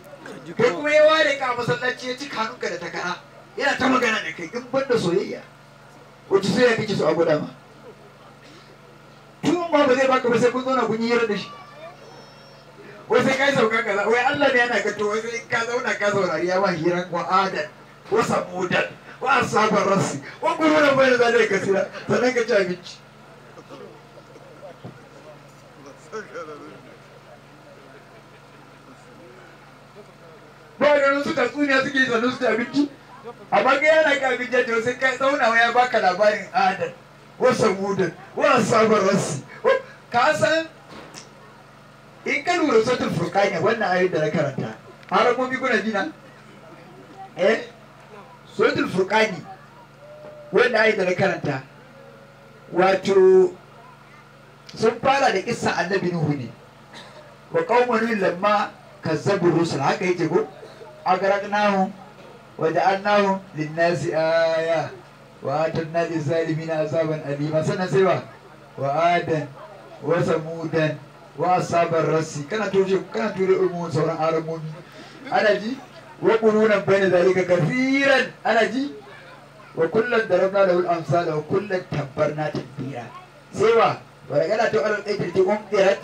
kai kuma ya ware ka masallaci ya ci kanunka da takara yana ta magana da kai in banda soyayya wacce soyayya ya so su Abu ma tun ba ba zai baka ba sai kun zauna kun yi hira da shi wai sai kai sauka kaza wai Allah ne yana ka to wai sai ka zauna ka saurari ya ba hiran wa'adan wa samudan wa asabar rasi wa da bayan zalika kasira sannan ka ci abinci bayan suka tsuniya suke sannan su ci abinci A ga yana ka abinci da sai kai tsaunawa ya baka labarin adal wa sabudan, wa asabar rasi ka san in ka lura sautin furkanya wannan ayoyin da na karanta har kuma kuna jina eh suratul furqani wanda ayi da na karanta wato sun fara da kissa annabi nuhu ne wa qaumun lamma kazzabu rusul haka yake go agaragnahu wa ja'alnahum lin-nasi aya wa atanna liz-zalimina azaban alima sana sai ba wa adan wa samudan wa asabar rasi kana tuje kana tuje ulmun sauran aramomi ana ji wa qurunan bayna zalika kathiran ana ji wa kullum da rabna da amsa da wa kullum tabbarna tabbira sai wa wa daga da ta alal aikir ti umdirat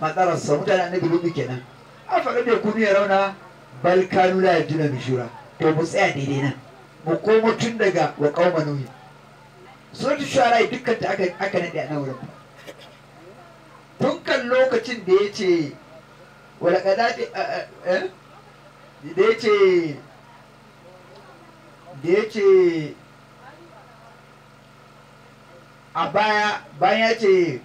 matsarar sa mutane annabi rubi kenan a faɗa da kunu ya rauna bal kanu la yajuna bishura to mu tsaya daidai nan mu komo tun daga wa qauma nuhi suratu shu'ara dukkan ta aka aka nade a nan wurin tun kan lokacin da yace wa laqadati eh da ce da yake a baya bayan ya ce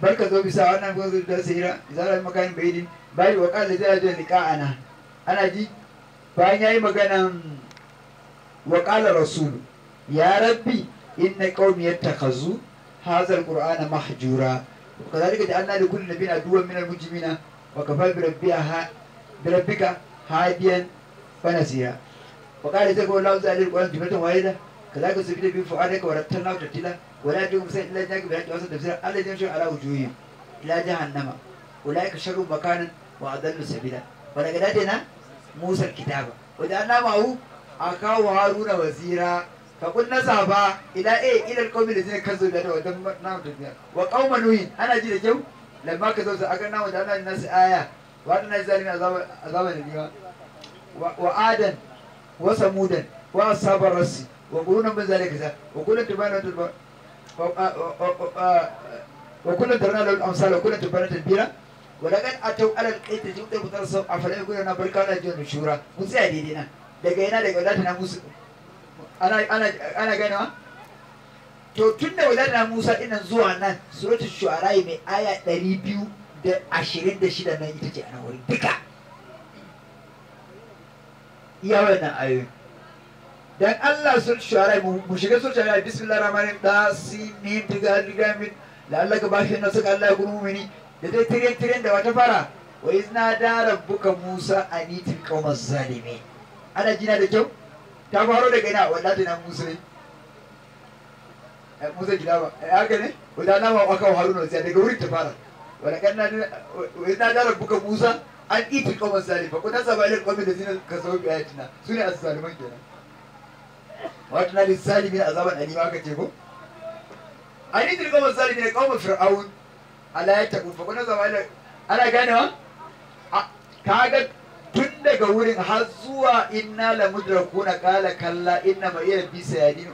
barka zo bisa wannan gozo da sayira zara makarin baidin bai wa kaza da da nika ana ana ji bayan yi maganan wa qala rasul ya rabbi inna qaumi yattakhazu hadha alqur'ana mahjura kadhalika ja'alna da kulli nabiyyin aduwwan min al-mujrimina وكفى بربها بربك هاديا فنسيا وقال إذا قول الله تعالى القرآن جملة واحدة كذلك سبيل به فؤادك ورتلنا وترتيلا ولا يدركم سيد الله جاك بلا جواسة تفسير الذي يمشي على وجوههم إلى جهنم أولئك شر مكانا وأضل سبيلا ولقد آتينا موسى الكتاب وجعلنا معه أخاه هارون وزيرا فقلنا ذهبا إلى إيه إلى القوم الذين كذبوا بآياتنا ودمرناهم تدميرا وقوم نوين أنا جيت جو لما كذا أكنا وجانا الناس آية وأرنا الظالمين أذاب أذاب الدنيا وعادا وثمودا وأصحاب الرس وقرونا من ذلك ذا وكل تبانا وكل درنا له الأمثال وكل تبانا تدبيرا ولكن أتوا على القيت جود المترصف أفلا يقول أنا بركانا جون الشورى مزعلينا دعينا دعوتنا دقينا أنا أنا أنا قانا to tun da wajen Musa ina zuwa nan suratu shu'arai mai aya ɗari biyu da ashirin da shida nan ita ce ana wurin duka iya wannan ayoyin dan Allah sun shu'arai mu shiga sun shu'arai bismillah rahman rahim ni diga diga min la'allaka bashin nasu Allah ya mu mini da dai tiren tiren da wata fara wa izna da rabbuka Musa anitil qaumaz zalimin ana jina da kyau ta faro daga ina wallahi na musulmi Eh, musa gida ba eh, haka ne wata nama aka wa na sai daga wurin ta fara wala kanna na dara rabbuka musa an iti kawman salifa ko ta saba ilin kawmin da zinan ka sau biya tina su ne a saliman kenan wata na lissali min azaban alima aka ce ko an iti kawman salifa ne kawman fir'aun ala ya tabu fa kuna saba ilin ana ganewa ga tun daga wurin har zuwa inna la mudrakuna qala kalla inna ma iya bisa yadin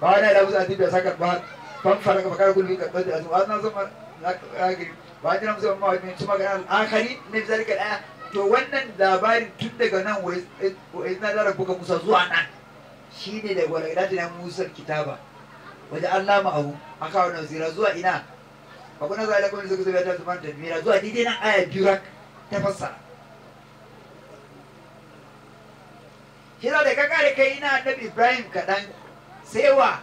ba na da musu atibi a saka ba fan fara ka bakar gulbi ka tsadi azu azna zama na kagiri ba jira musu amma wani tuma ga akhari ne zalika aya to wannan labarin tun daga nan wai eh, izna da ka musa zuwa nan shine da wala idatina musa kitaba waje Allah ma'ahu aka wannan zira zuwa ina akwai nazari da kuma zuwa zuwa ta zuwa ta mira zuwa daidai nan aya biyu ta fassara shi da ka kare kai ina annabi ibrahim kadan? sai wa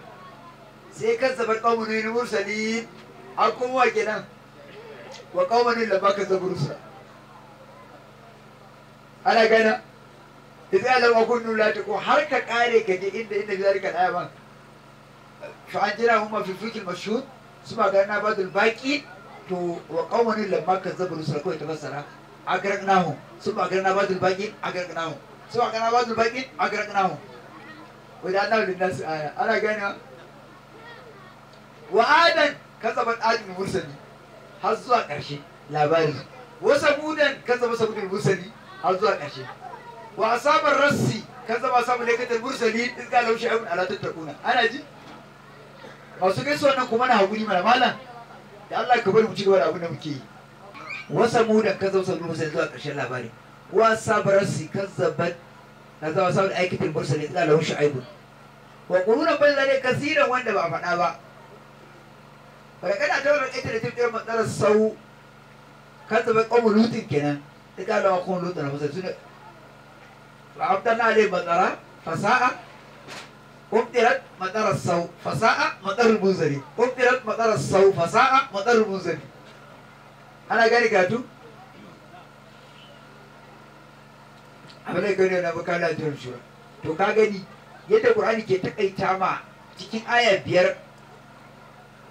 sai kan zabar ƙaunin mursali a kuma kenan wa ƙaunin da baka zabar sa ana gana idan alam akun nula ta ko har ka kare ka je inda inda bi ka daya ba, fa an jira huma fi fikil mashhud suma ga na badul baqi to wa qawmin lamma kazzabu rusul ko ta basara agraqnahum suma ga na badul baqi agraqnahum suma ga na badul baqi agraqnahum wajen annabi lin nasu aya ana ganewa wa adan kasabat adin mursali har zuwa ƙarshe labari wa samudan kasabat samudin mursali har zuwa ƙarshe wa asabar rassi kasabat samun laikatar mursali ɗin ga laushe abin alatun takuna ana ji masu gaisuwa nan kuma na haƙuri mana malam da Allah ka bari mu ci gaba da abin da muke yi wa samudan kasabat samudin mursali zuwa ƙarshen labari wa asabar rassi kasabat na zama da aikin bursa ne tsala hushe aibu wa kuruna balla ne kasiran wanda ba faɗa ba daga kana ta wannan ita da tafiyar matsalar sau kan zama ƙwamu lutin kenan ta kala wa kuma lutin hausa su ne ba abdan na alai matsara fasa'a ƙwamtirar matsalar sau fasa'a matsalar munzari ƙwamtirar matsalar sau fasa'a matsalar munzari ana gani gatu ba zai kai na ba kana shi to ka gani yadda qur'ani ke takaita ma cikin aya biyar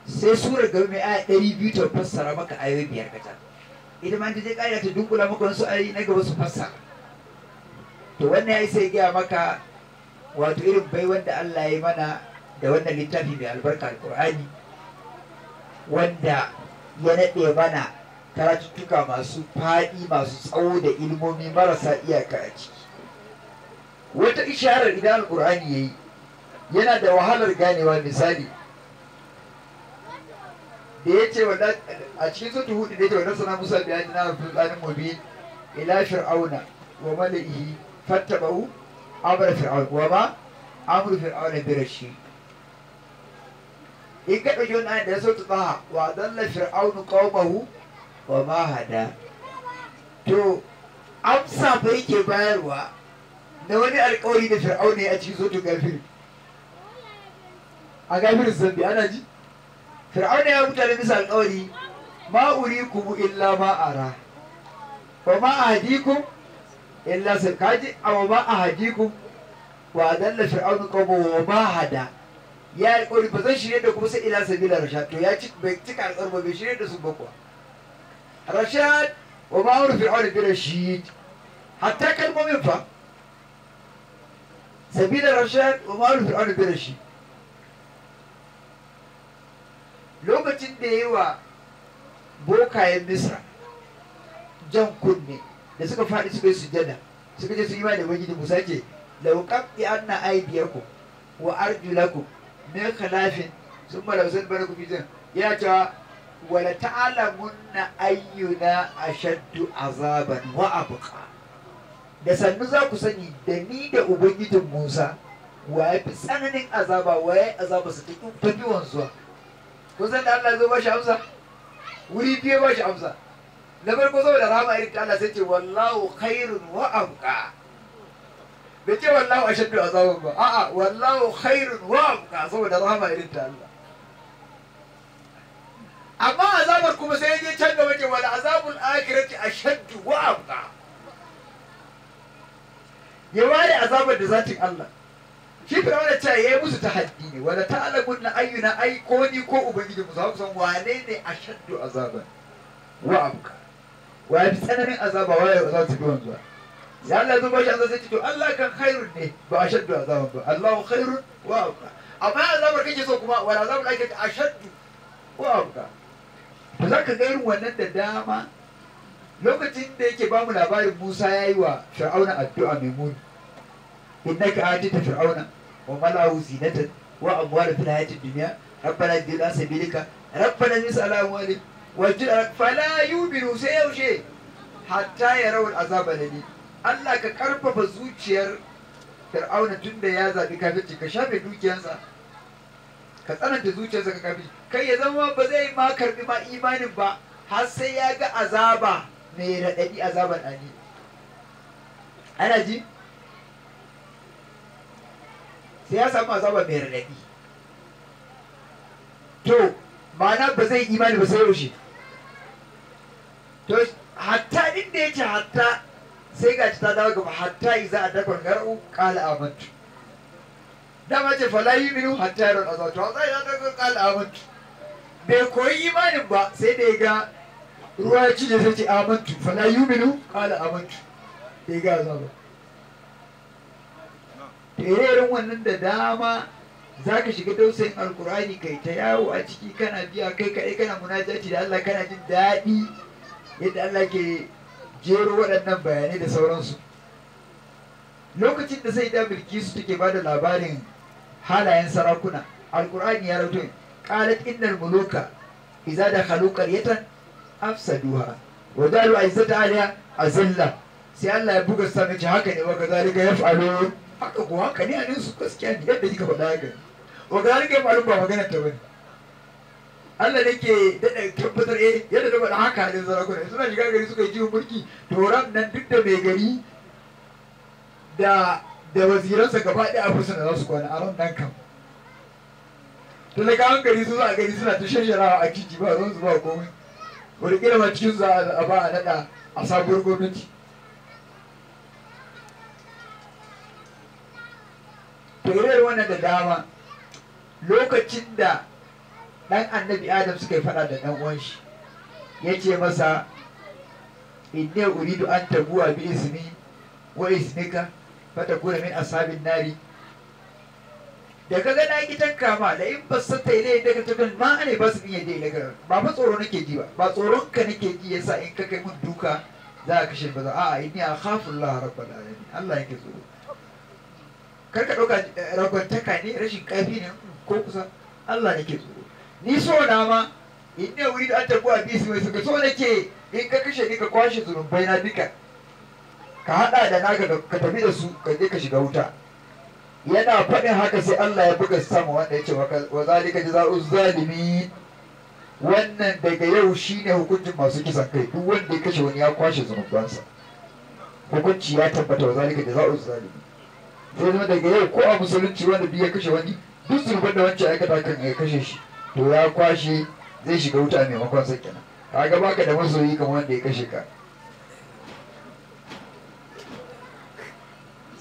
sai sura gaba mai aya ɗari biyu ta fassara maka ayoyi biyar ka ta ita ma ta je ƙara ta dunkula maka wasu ayoyi na gaba su fassara to wannan ya sai gaya maka wato irin bai wanda Allah ya yi mana da wannan littafi mai albarka Al-Qur'ani wanda ya naɗe mana karatuttuka masu faɗi masu tsawo da ilmomi marasa iyaka a ciki wata isharar idan alkur'ani ya yi yana da wahalar ganewa misali da ya ce a cikin zutu hudu da ya ce wa nasana musa biya da na rufin tsanin mobi ila fir'auna wa mala'ihi fattaba'u amr fir'aun wa ma amr fir'auna bi shi. in ka ɗauki wani ayin da ya sautu tsaha wa dalla fir'aunu ƙaumahu wa ma hada to amsa fa yake bayarwa da wani alkawari da fir'auna a cikin zo to gafir a gafir zambi ana ji fir'auna ya mutane bisa alkawari ma urikum illa ma ara wa ma ahdikum illa sai kaji wa ma ahdikum wa dalla fir'auna kuma wa ma hada ya alƙawari ba zan shirye da kuma sai ila sabila rasha to ya cika alƙawar ba bai shirye da su ba kuwa رشاد وما عرف العرب برشيد حتى كلمة ينفع سبيل الرشاد وما عرف العرب برشيد lokacin da yi wa bokayen misra jan kunne da suka faɗi suka yi sujada suka je su yi da ubangiji musa ce lauƙaf ya anna aidiyaku wa arjulaku min khalafin sun mala usul baraku fi yana cewa wala ta'alamunna ayyuna ashaddu azaban wa abqa da sannu za ku sani da ni da ubangijin Musa wa ya fi tsananin azaba wa ya azaba su ta fi wanzuwa kun san da Allah zai ba shi amsa wuri biye ba shi amsa na farko saboda rahama irin ta Allah sai ce wallahu khairun wa abqa bai ce wallahu ashaddu azaban ba a'a wallahu khairun wa abqa saboda rahama irin ta Allah amma azabar kuma sai je can gaba ce wal azabul akhirati ashaddu wa abqa ya ware azabar da zatin Allah shi fir'auna ce yayi musu tahaddi ne wala ta'lamun na ayyuna ai ko ni ko ubangiji mu za san wane ne ashaddu azaban wa abqa wa fi tsananin azaba wa za su bi wanzuwa ya Allah zuba shi azaba sai to Allah kan khairun ne ba ashaddu azaban ba Allah khairun wa abqa amma azabar kake so kuma wala azabul akhirati ashaddu wa abqa to za ka ga irin wannan da dama lokacin da yake ba mu labarin Musa ya yi wa Fir'auna addu'a mai muni aji ta fir'auna wa mala'u zinatan wa amwalan da hayatid dunya rabbana bil sabilika rabbana nis'ala amwalin wa jira fala yubinu sai yaushe hatta ya rawar azaba Allah ka karfafa zuciyar fir'auna tunda ya zabi kafirci ka shafe dukiyarsa ka tsananta zuciyarsa ka kafirci kai ya zama ba zai ma karbi ma imanin ba har sai ya ga azaba mai raɗaɗi azaban ɗani ana ji sai ya samu azaba mai raɗaɗi to ma'ana ba zai imani ba sai yaushe to hatta inda da ya ce hatta sai ga ta dawo gaba hatta yi za a dakon garau, kala amantu dama ce falayi minu hatta yaron to hatta yi za a dakon kala amantu bai koyi imanin ba sai da ya ga ruwa ya ci da sai ce amantu fala yuminu qala amantu da ya ga azaba da irin wannan da dama za ka shiga dausayin alkur'ani kai ta yawo a ciki kana biya kai kaɗai kana munajati da Allah kana jin daɗi yadda Allah ke jero waɗannan bayanai da sauransu lokacin da sai da bilkisu take ba da labarin halayen sarakuna alkur'ani ya rauto qalat innal muluka idza dakhalu qaryatan afsaduha wa dalu izzata alaiha azilla sai Allah ya buga sa ce haka ne wa kazalika yaf'alu haka ko haka ne anin su gaskiya ne yadda kika faɗa haka wa kazalika yaf'alu ba magana ta bane Allah ne ke daɗa tabbatar eh yadda da faɗa haka halin sarakuna suna shiga gari suka yi jiwon mulki to ran nan duk da mai gari da waziransa gaba ɗaya a fursuna za su kwana a ran nan kam talakawan gari su a gari suna ta shasharawa a kiji ba ruwan zuba komai wani kila cikin za a ba a naɗa a sabuwar gwamnati to irin wannan da dama lokacin da ɗan annabi adam suka yi faɗa da ɗan uwan shi ya ce masa inne uridu an tabuwa bi ismi wa ismika fata min ashabin nari da ka ga na ki tanka ma da in ba su ta ilai daga tafin ma ne ba su iya dai daga ba fa tsoro nake ji ba ba tsoron ka nake ji yasa in ka kai mun duka za a kashe ba za a inni a khafin Allah rabbal alamin Allah yake tsoro kar ka dauka eh, ragwantaka ne rashin kafi ne ko kusa Allah nake tsoro ni so na ma in ne wuri da an tabu bisi mai suka so nake in ka kashe ni ka kwashe zunubai na duka ka hada da naka ka tafi da su ka je ka shiga wuta yana faɗin haka sai Allah ya buga sama wanda ya ce wa zalika jaza'u zalimi wannan daga yau shine hukuncin masu kisan kai duk wanda ya kashe wani ya kwashe zunubansa hukunci ya tabbata wa zalika jaza'u zalimi sai zama daga yau ko a musulunci wanda biyu ya kashe wani duk zunuban da wancan aikata kan ya kashe shi to ya kwashe zai shiga wuta maimakon sai kenan kaga baka da masoyi kamar wanda ya kashe ka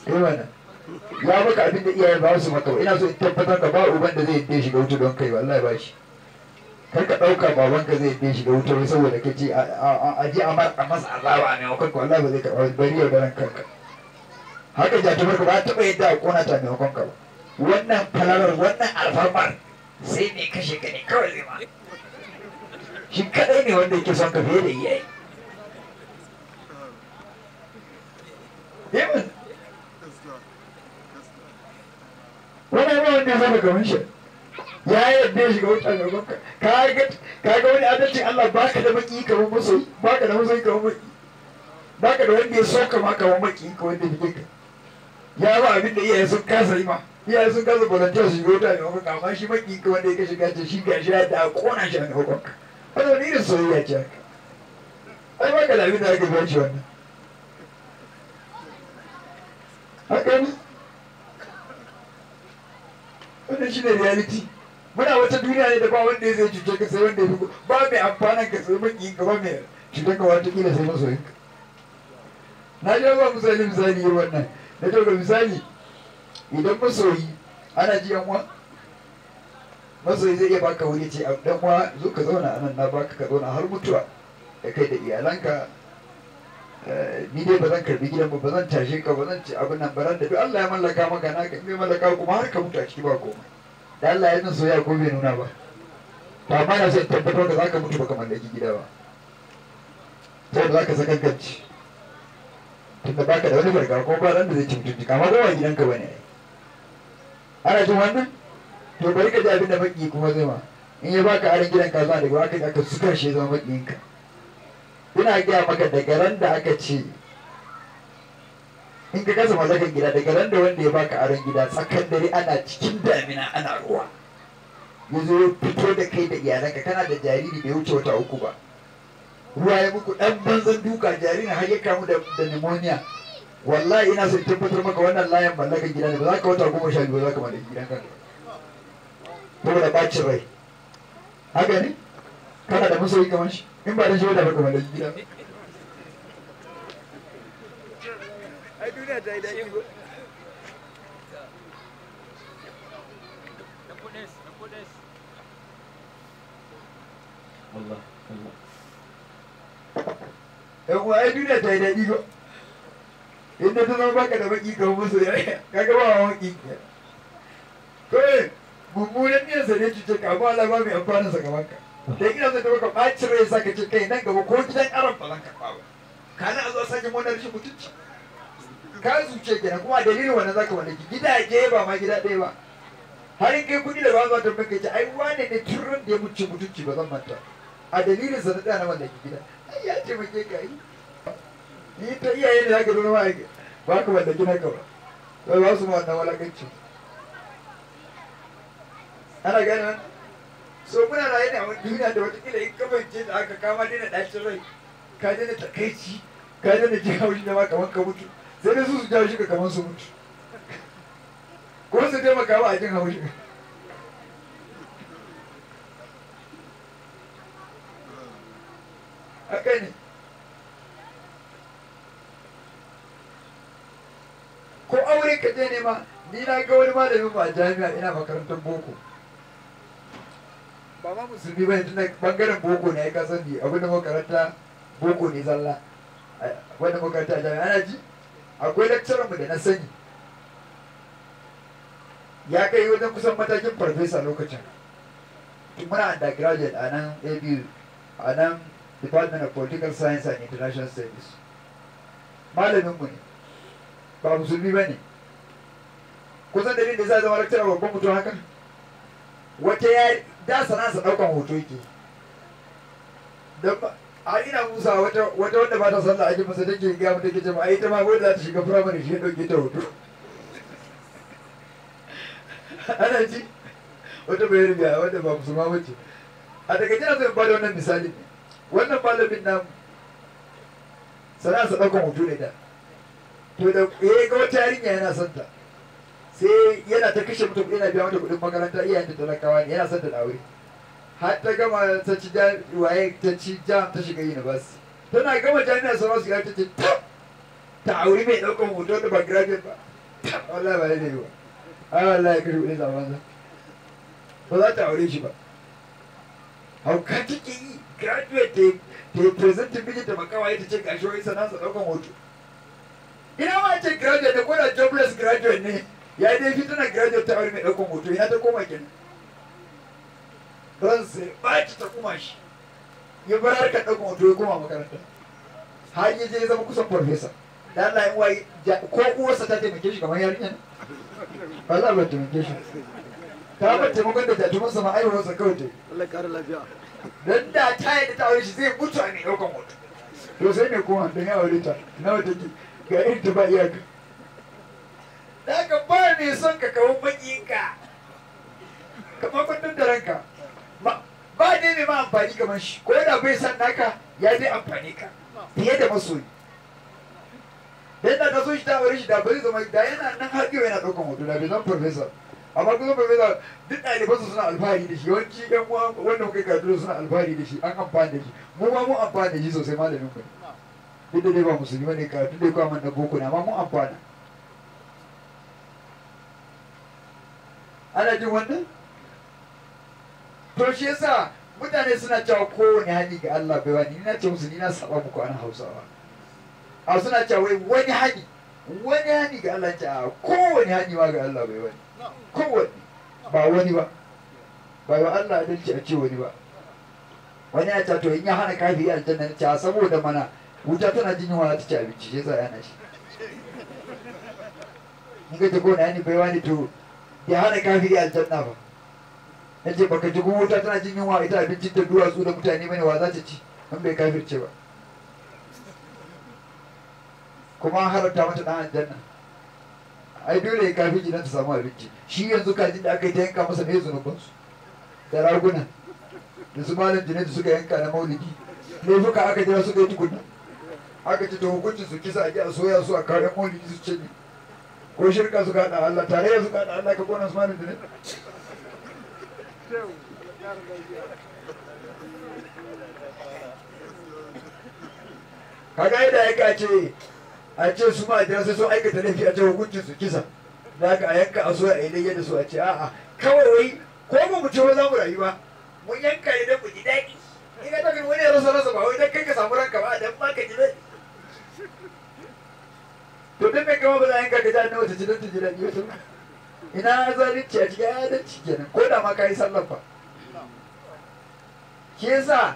eh wannan ya maka abin da iyaye ba su maka ina so in tabbatar da ba uban da zai yadda shiga wuta don kai wallahi ba shi kar ka ɗauka baban ka zai yadda shiga wuta saboda ka ce a ji a masa azaba a maimakon ka wallahi ba zai karɓa bari yau daren kanka haka jatumar ka ba taɓa yadda a ƙona ta maimakon ka ba wannan falalar wannan alfarmar sai mai kashe ka ne kawai zai ma shi kaɗai ne wanda yake son ka fiye da iyaye wani abuwa wanda ya saba gaban shi ya yi yarda shiga wuta da gaban ka ga wani adalcin Allah ba ka da maki kamar musu ka da musu kamar maki ka da wanda ya so kama kamar maki ka wanda ya ka ya ba abin da iyaye sun kasa yi ma iyaye sun kasa volunteer su shiga wuta da gaban ka amma shi maki ka wanda ya ka shiga ce shi ga shi da kona shi a gaban ka da wani irin soyayya ce haka ai ka da abin da ake bashi wannan haka ne wannan shi ne reality muna wata duniya ne da ba wanda ya zai cuce ka sai wanda ya fi ba mai amfanan ka sai mai ka ba mai cuta ka wata kila sai masoyin ka na ji ba misali misali yin wannan na ji ga misali idan masoyi ana ji yanwa masoyi zai iya baka wuri ce dan uwa zo ka zauna anan na baka ka zauna har mutuwa da kai da iyalanka Eh, ni dai ba zan karbi gidan ba zan tashe ka ba zan ci abin nan baran da Allah ya mallaka maka na ka mai mallaka kuma har ka mutu a ciki ba komai da Allah ya nan soyayya ko bai nuna ba ba ma ya sai tabbatar da zaka mutu ba baka mallaki gida ba sai da zaka saka tun da baka da wani barka ko ba ran da zai ci mutunci amma ba gidan ka bane ana jin wannan to bari ka ji abin da baki kuma zai ma in ya baka aran ka za da ba ka aka suka shi zama ka ina gaya maka daga ran da aka ce in ka kasa mallakan gida daga ran da wanda ya baka aron gida tsakan dare ana cikin damina ana ruwa ya zo fito da kai da iyalanka kana da jariri bai wuce wata uku ba ruwa ya muku dan banzan duka jaririn har ya kamu da pneumonia wallahi ina son tabbatar maka wannan layan mallaka gida ne ba za ka wata goma sha biyu za ka mallaki gidan kanka da bacin rai haka ne kana da masoyi kamar shi in ba da shi wadda baka wadda gida ai duniya ta yi ko Allah Allah ai ai duniya ta yi daɗi ko ta zama baka da baki ka musu kaga ba wa baki ne cuce ka amma ba mai amfani sa da ina zai ka ɓacin rai za ka ce kai nan gaba ko gidan aron ba zan karɓa ba kana a zo sake wannan rashin mutunci ka zuce gida kuma dalilin wannan za ka wani gidaje ba ma gida ɗaya ba har in kai kuɗi da ba za ta baka ce ai wane ne turun da ya mutunci mutunci ba zan manta a dalilin sa da na mallaki gida ai ya ce muke ka yi ni ta iyaye ne za ka zama ba ka mallaki na gaba ba ba su ma wannan walakanci ana gane wannan so muna raye da wani duniya da watakila in ka fahimce da aka kama daina ɗacin rai ka daina takaici ka daina jin haushi jama kamar ka mutu sai dai su su jawo shi ka kamar su mutu ko su taimaka ba a jin haushi haka ne ko aure ka je ne ma ni na ga wani malamin ba jami'a ina makarantar boko ba ma musulmi ba tunda bangaren boko ne ya kasan ne abinda makaranta boko ne zalla wanda makaranta jami'a ana ji akwai lecturer mu da na sani ya kai wajen kusan matakin farfesa lokacin tun muna undergraduate a nan abu a nan department of political science and international studies malaminmu ne ba musulmi ba ne kusan dalilin da za a zama lecturer babban mutum haka wata da sana'arsa ɗaukan hoto yake a ina musa wata wanda ba ta sallah ake masa take ga mata take jama'a ita ma wanda za ta shiga firamare shi dauke ɗauke ta hoto ana ji wata bai riga wanda ba suma bace a daga jira zai da wannan misali wannan malamin nan sana'arsa ɗaukan hoto ne da to da ya eh, ga wata yarinya yana son ta sai yana ta kashe mata yana biya mata kuɗin makaranta iyayen ta talakawa ne yana son ta daure har ta gama ta ci waye ta ci jam ta shiga university tana gama jami'a sauran su ta ce ta aure mai ɗaukar hoto da ba graduate ba wallahi ba zai yi ba ai wallahi ya kashe kuɗin zaman ba za ta aure shi ba hauka take yi graduate ta yi presentin mijinta makawa ta ce gashi wani sana'a ɗaukar hoto ina ma ce graduate da kwada jobless graduate ne ya dai fi tana ta aure mai ɗaukan hoto ina ta koma kenan ran sai ɓaci ta kuma shi ya bar harka ɗaukan hoto ya koma makaranta har yi zai zama kusan farfesa da Allah ya wayi ko uwarsa ta taimake shi kamar yarinya ba za ba taimake shi ta ba taimakon da jatumarsa ma aiwarsa kawai ta Allah kare lafiya dan da ta yi da ta aure shi zai mutu a ne ɗaukan hoto to sai ne kuma don ya aure ta nawa take ga irin ta ba iyaka daga ka ba ne son ka kawo makinka ka makwantar da ranka ba ne ne ma amfani kamar shi ko da bai san naka ya dai amfani ka fiye da masoyi dan da ta so shi ta wuri shi da bari zama da yana nan har yau yana ɗaukan hoto da bai professor amma kusan professor duk su suna alfahari da shi yawanci yan uwa wanda muka dole suna alfahari da shi an amfani da shi mu ma mun amfani da shi sosai malamin ku duk da dai ba musulmi ne ka dai kwa man na boko na amma mun amfana ana jin wannan to shi yasa mutane suna cewa kowane hadi ga Allah bai wani ina ce musu ni na saba muku ana Hausawa a suna cewa wai wani hadi wani hadi ga Allah ce a kowane hadi ma ga Allah bai wani kowane ba wani ba ba wa Allah adalci a ce wani ba wani ya ce to in ya hana kafi aljanna ne ce saboda mana wuta tana jin yunwa ta ci abinci shi yasa yana shi mun ga ta gona ne bai wani to ya hana kafiri aljanna ba na ce baka ji wuta tana jin yunwa ita abincin da duwatsu da mutane bane wa za ta ci an bai kafirce ba kuma an haramta mata dan aljanna ai dole ya kafi gidan ta samu abinci shi yanzu kaji da aka yi ta yanka masa ne su da raguna da su malam jinin da suka yanka na maulidi ne fuka aka jira suka yi tukunna aka ce ta hukuncin su kisa a ji a soya su a kare maulidi su ce ne ko shirka suka haɗa Allah tarayya suka haɗa Allah ka kona Usman da ne kaga yadda ya ce a ce su ma jira sai sun aikata laifi a ce hukuncin su kisa da ka a yanka a so a yi daidai da su a ce a'a kawai wai ko mu ce ba za mu rayu ba mun yanka ne don mu ji daɗi Ina ta tafi wani ya rasa rasa ba wai don kai ka samu ranka ba Dan ba ka ji daɗi duk mai kama ba za a yanka ka ji annabi ta jidan jidan biyu sun ina zalunci a cikin adalci kenan ko da ma ka yi sallan ba ke sa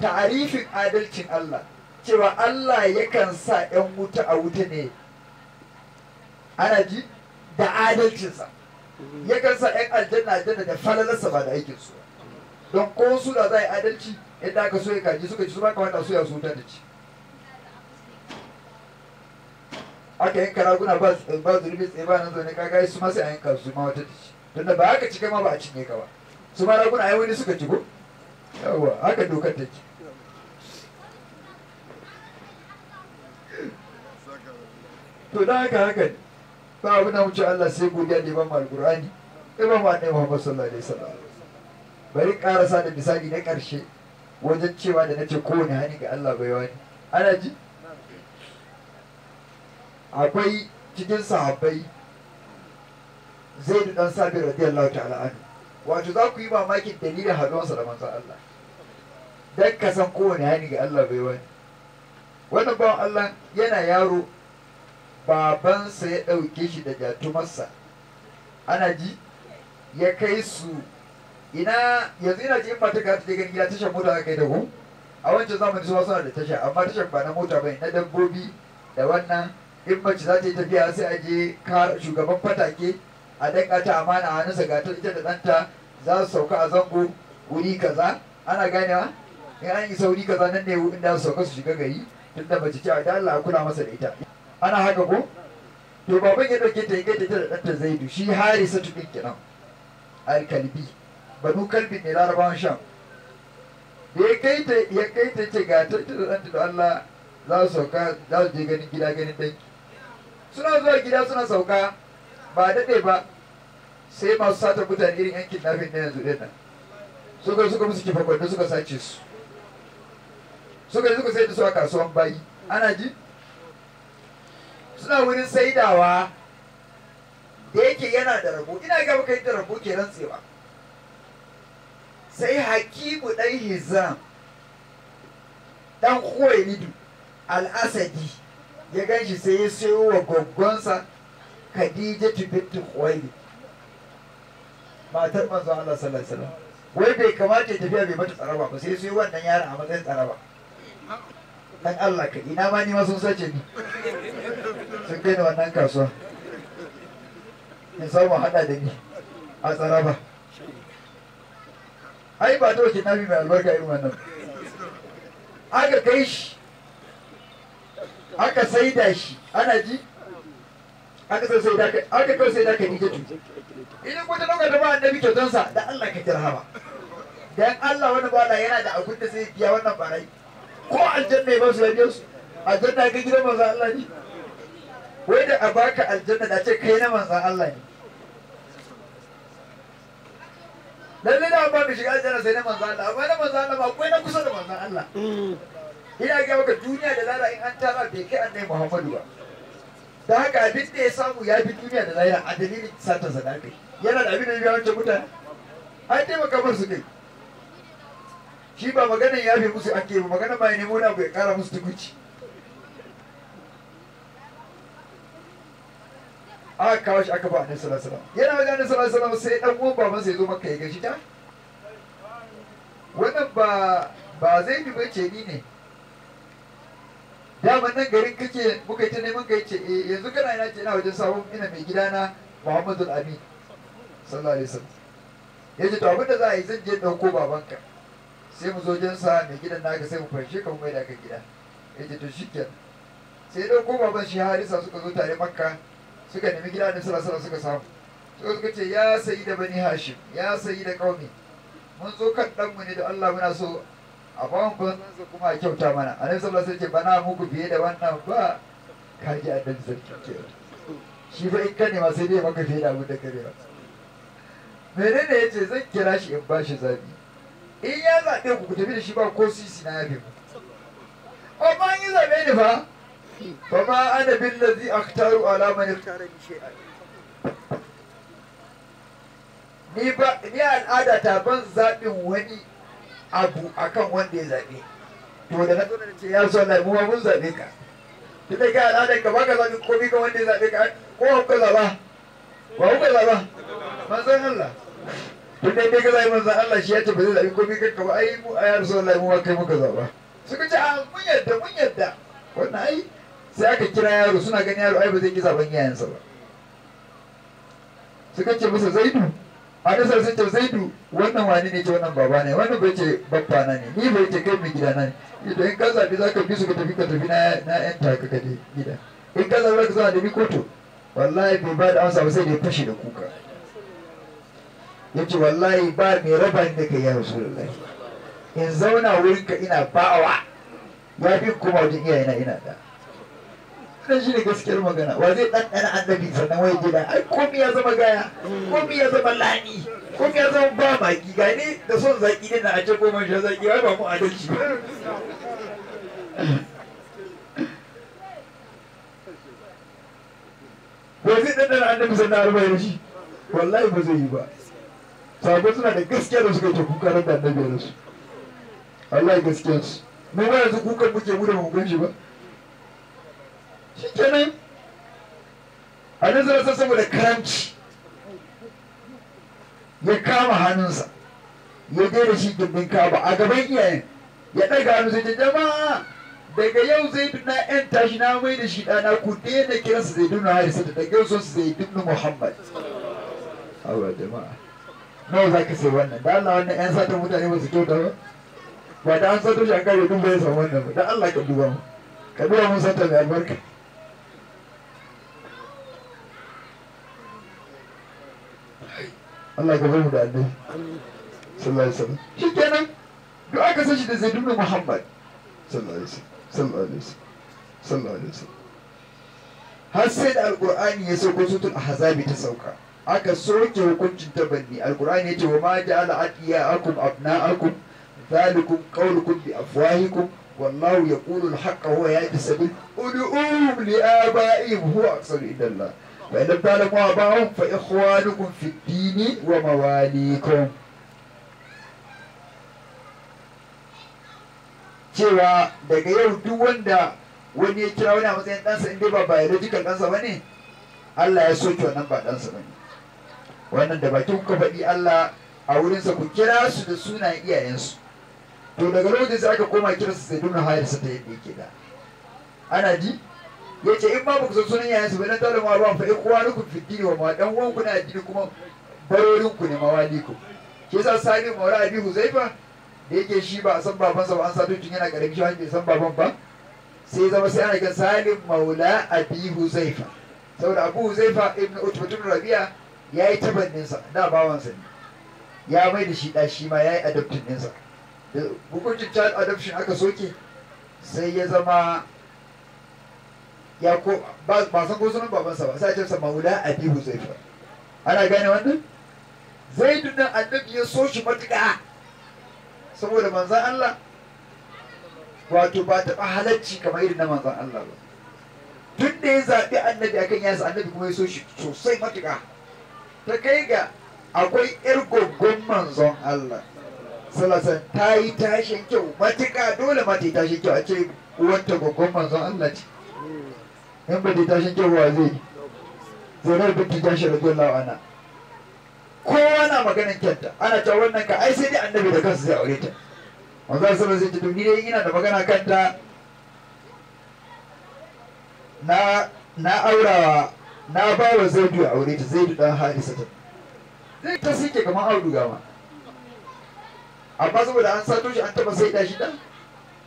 tarifin adalcin Allah cewa Allah yakan sa 'yan wuta a wuta ne ana ji da adalcinsa yakan sa 'yan aljanna aljanna da falalarsa ba da aikinsu don ko su da za a yi adalci inda aka so ya kaji suka ci su ba kamata su ya su wuta da ci aka yanka raguna ba zunubi tsaye ba nan zaune kaga su ma sai a yanka su ma wata ci tunda ba aka cika ma ba a cinye ka ba su ma raguna ai wani suka ci ko yawwa haka dokar ta ci to da haka haka ne ba abu da wuce Allah sai godiya da ban al ibn imam annabi Muhammad sallallahu alaihi wasallam bari karasa da misali na karshe wajen cewa da nace kowane hani ga Allah bai wani ana ji akwai cikin sahabbai zaidu dan sabir radiyallahu ta'ala anhu wato za ku yi mamakin dalilin haɗuwarsa da manzon Allah dan ka san kowane hani ga Allah bai wani wannan bawan Allah yana yaro babansa ya ɗauke shi da jatumarsa ana ji ya kai su ina yanzu ina ji in ba ka ta gani gida tashar mota kai da ku a wancan zamanin su suna da tasha amma tashar ba na mota bai na dabbobi da wannan in mace za ta yi tafiya sai a je shugaban fatake a danka ta amana hannunsa ga ta ita da ɗanta za su sauka a zango wuri kaza ana ganewa in an yi sauri kaza nan ne in da su sauka su shiga gari tun da mace cewa da Allah kula masa da ita ana haka ko to baban ya dauke ta ya gaita ta da ɗanta zaidu shi harisa tuɗin kenan alkalbi banu kalbi ne larabawan sham da ya kai ta ya kai ta ce ga ta da ɗanta da Allah za su sauka za su je ganin gida ganin danki suna zuwa gida suna sauka ba daɗe ba sai masu satar mutane irin yankin nafin na yanzu ɗin nan suka suka musu kifa kwanne suka sace su suka suka sai da su a kasuwan bayi ana ji suna wurin saidawa da yake yana da rabo ina ga kai da rabo ke rantsewa sai hakimu ɗan hizam ɗan huwailidu al-asadi ya gan shi sai ya sayo wa gwaggonsa khadija bintu khuwaili matar manzo Allah sallallahu alaihi wasallam wai bai kamata ya tafiya bai mata tsaraba ba sai sai wannan yaron a matsayin tsaraba dan Allah ka ina ma ni ma sun sace ni sun kai wannan kasuwa in samu hada da ni a tsaraba ai ba to wace nabi mai albarka irin wannan aka kai shi aka saida shi ana ji aka sai da ka aka kai da ka ni jatu idan ko ta dauka ta ba annabi kyautan sa da Allah ka tirhaba dan Allah wani ba Allah yana da abin da zai biya wannan barai ko aljanna ba su rabe su aljanna ga gidan manzo Allah ne wai da a baka aljanna da ce kai na manzo Allah ne Lallai da ba mu shiga aljanna sai na manzo Allah amma na manzo Allah ba akwai na kusa da manzo Allah ina ga maka duniya da lahira in an tara bai kai annai muhammadu ba da haka abin da ya samu ya fi duniya da lahira a dalilin sata sadaka yana da abin da ya wancan mutane an taimaka musu ne shi ba maganar ya fi musu ake ba maganin ba ya nemo na bai kara musu tukunci aka kawo shi aka ba annabi sallallahu alaihi wasallam yana magana annabi sallallahu alaihi wasallam sai dan uwan baban sai zo maka ya gashi ta wannan ba ba zai bi bace ni ne Da wannan garin kake muka ta neman kai ce eh yanzu kana ina ce ina wajen sabon ina mai gidana Muhammadu Amin sallallahu alaihi wasallam yace to abinda za a yi zan je dauko babanka sai mu zo sa mai gidan naka sai mu fashe ka mu mai da ka gida yace to shikenan sai dauko baban shi Harisa suka zo tare Makka suka nemi gida da sallallahu alaihi suka samu sai suka ce ya sayi da bani Hashim ya sayi da kaumi mun zo kan mu ne da Allah muna so a bawan kwanzansa kuma a kyauta mana nan sallallahu sai ce bana muku fiye da wannan ba ka ji annabi sarki ke shi ba in ka nema sai dai maka fiye da abin da ka nema menene yace zan kira shi in ba shi zabi in ya zaɓe ku ku tafi da shi ba ko sisi na yafe ku amma an yi zaɓe ni fa fa ma ana bin lazi akhtaru ala man ikhtara ni shay'an ni ba ni al'ada ta ban zaɓin wani abu akan wanda ya zaɓe to da na zo da ce ya so Allah mu mun zaɓe ka ki da kai al'adar ka baka zaɓe komai ga wanda ya zaɓe ka ko ka zaɓa ba ku zaɓa manzon Allah tun da kai ka ma manzon Allah shi ya ce ba zai zaɓe komai ka ba ai mu ayar so Allah mu kai muka zaɓa suka ce a ah, mun yadda mun yadda wannan ai sai aka kira yaro suna ganin yaro ai ba zai ki zaɓen yayansa ba suka ce masa zaidu haka sai sun ce du wannan wani ne ce wannan baba ne wannan bai ce babba na ne ni bai ce kai mai gida na ne ita in ka zabi za ka bi su ka tafi ka tafi na yan taka ka gida in ka zabi za ka zo da bi kotu wallahi bai ba da an samu sai da ya fashe da kuka ya ce wallahi ba mai raba ni da kai ya rasulullahi in zauna wurinka ina ba'awa ya fi kuma wajen iyayena ina da kan shi ne gaskiyar magana wa zai ɗanɗana annabi sannan wai gida ai komi ya zama gaya komi ya zama lani komi ya zama ba maki ga ne da son zaki ne na a can goma zaki wai ba mu adalci ba wa zai ɗanɗana annabi sannan arba'in shi wallahi ba zai yi ba sabon suna da gaskiya da suka yi ta kuka da annabi ya rasu Allah su. mu ba yanzu kukan muke mu da mu gan shi ba shi kenan a nan saboda karamci ya kama hannunsa ya da shi dubbin kaba a gaban iyayen ya ɗaga hannu sai ce jama'a daga yau zai duna ƴan tashi na mai da shi ɗana ku daina kiransa zai duna harisa da daga yau su zai duna muhammad awa jama'a nawa za ka sai wannan da allah wannan ƴan satan mutane ba su kyauta ba ba da an sato shi an kare dun bai san wannan ba da allah ka duba mu ka duba mun sata mai albarka Allah ka mu da annabi sallallahu alaihi wasallam shi kenan duk aka san shi da zai dubna muhammad sallallahu alaihi wasallam sallallahu alaihi wasallam har sai da alqur'ani ya sauko sutul ahzabi ta sauka aka soke hukuncin tabanni alqur'ani yace wa ma ja'ala aqiyakum abna'akum ذلكم قولكم بأفواهكم والله يقول الحق هو yahdi sabil ud'u li aba'ihi huwa عند الله فإن ابتالكم آباءهم فإخوانكم في الدين ومواليكم cewa daga yau duk wanda wani ya kira wani a matsayin ɗansa in dai ba biological ɗansa ba ne Allah ya soke wannan ba ɗansa ba ne wannan da bakin kuka faɗi Allah a wurinsa ku kira su da sunayen iyayensu to daga lokacin sai aka koma kira su sai duna hayarsa ta yadda yake da ana ji ya ce in ba ku san sunan yayan su bayan dole ma ruwan fa ikwanukum fi dini wa ma dan uwan ku na addini kuma barorin ku ne mawali ku Ke sa sani ra abi huzaifa da yake shi ba a san babansa ba an sa tun yana karami shi bai san baban ba sai zama sai ana ga salim maula abi huzaifa saboda abu huzaifa ibn utbatun rabi'a ya yi tabanninsa da bawansa ne ya mai da shi ɗashi ma ya yi adoptin ɗinsa da hukuncin child adoption aka soke sai ya zama ya ko ba san ko sunan babansa ba sai ya ce sa maula abi huzaifa ana gane wannan zaidu nan annabi ya so shi matuƙa saboda manzan Allah wato ba ta halacci kamar irin na manzan Allah ba duk da ya zaɓi annabi akan yasa annabi kuma ya so shi sosai matuƙa ta kai ga akwai yar goggon manzon Allah salasan ta yi tashin kyau matuƙa dole ma ta yi tashin kyau a ce uwanta goggon manzon Allah ce in ba tashin tashin wa zai zaunar tashin tashi radiyallahu Lawana? kowa na maganin kyanta ana cewa wannan ka ai sai dai annabi da kansa zai aure ta manzo sallallahu alaihi wasallam dai ina da magana kanta na na aurawa na ba wa zaidu ya aure ta zaidu dan harisa ta zai ta sike kamar Audu, ma amma saboda an sato shi an taba sai da shi dan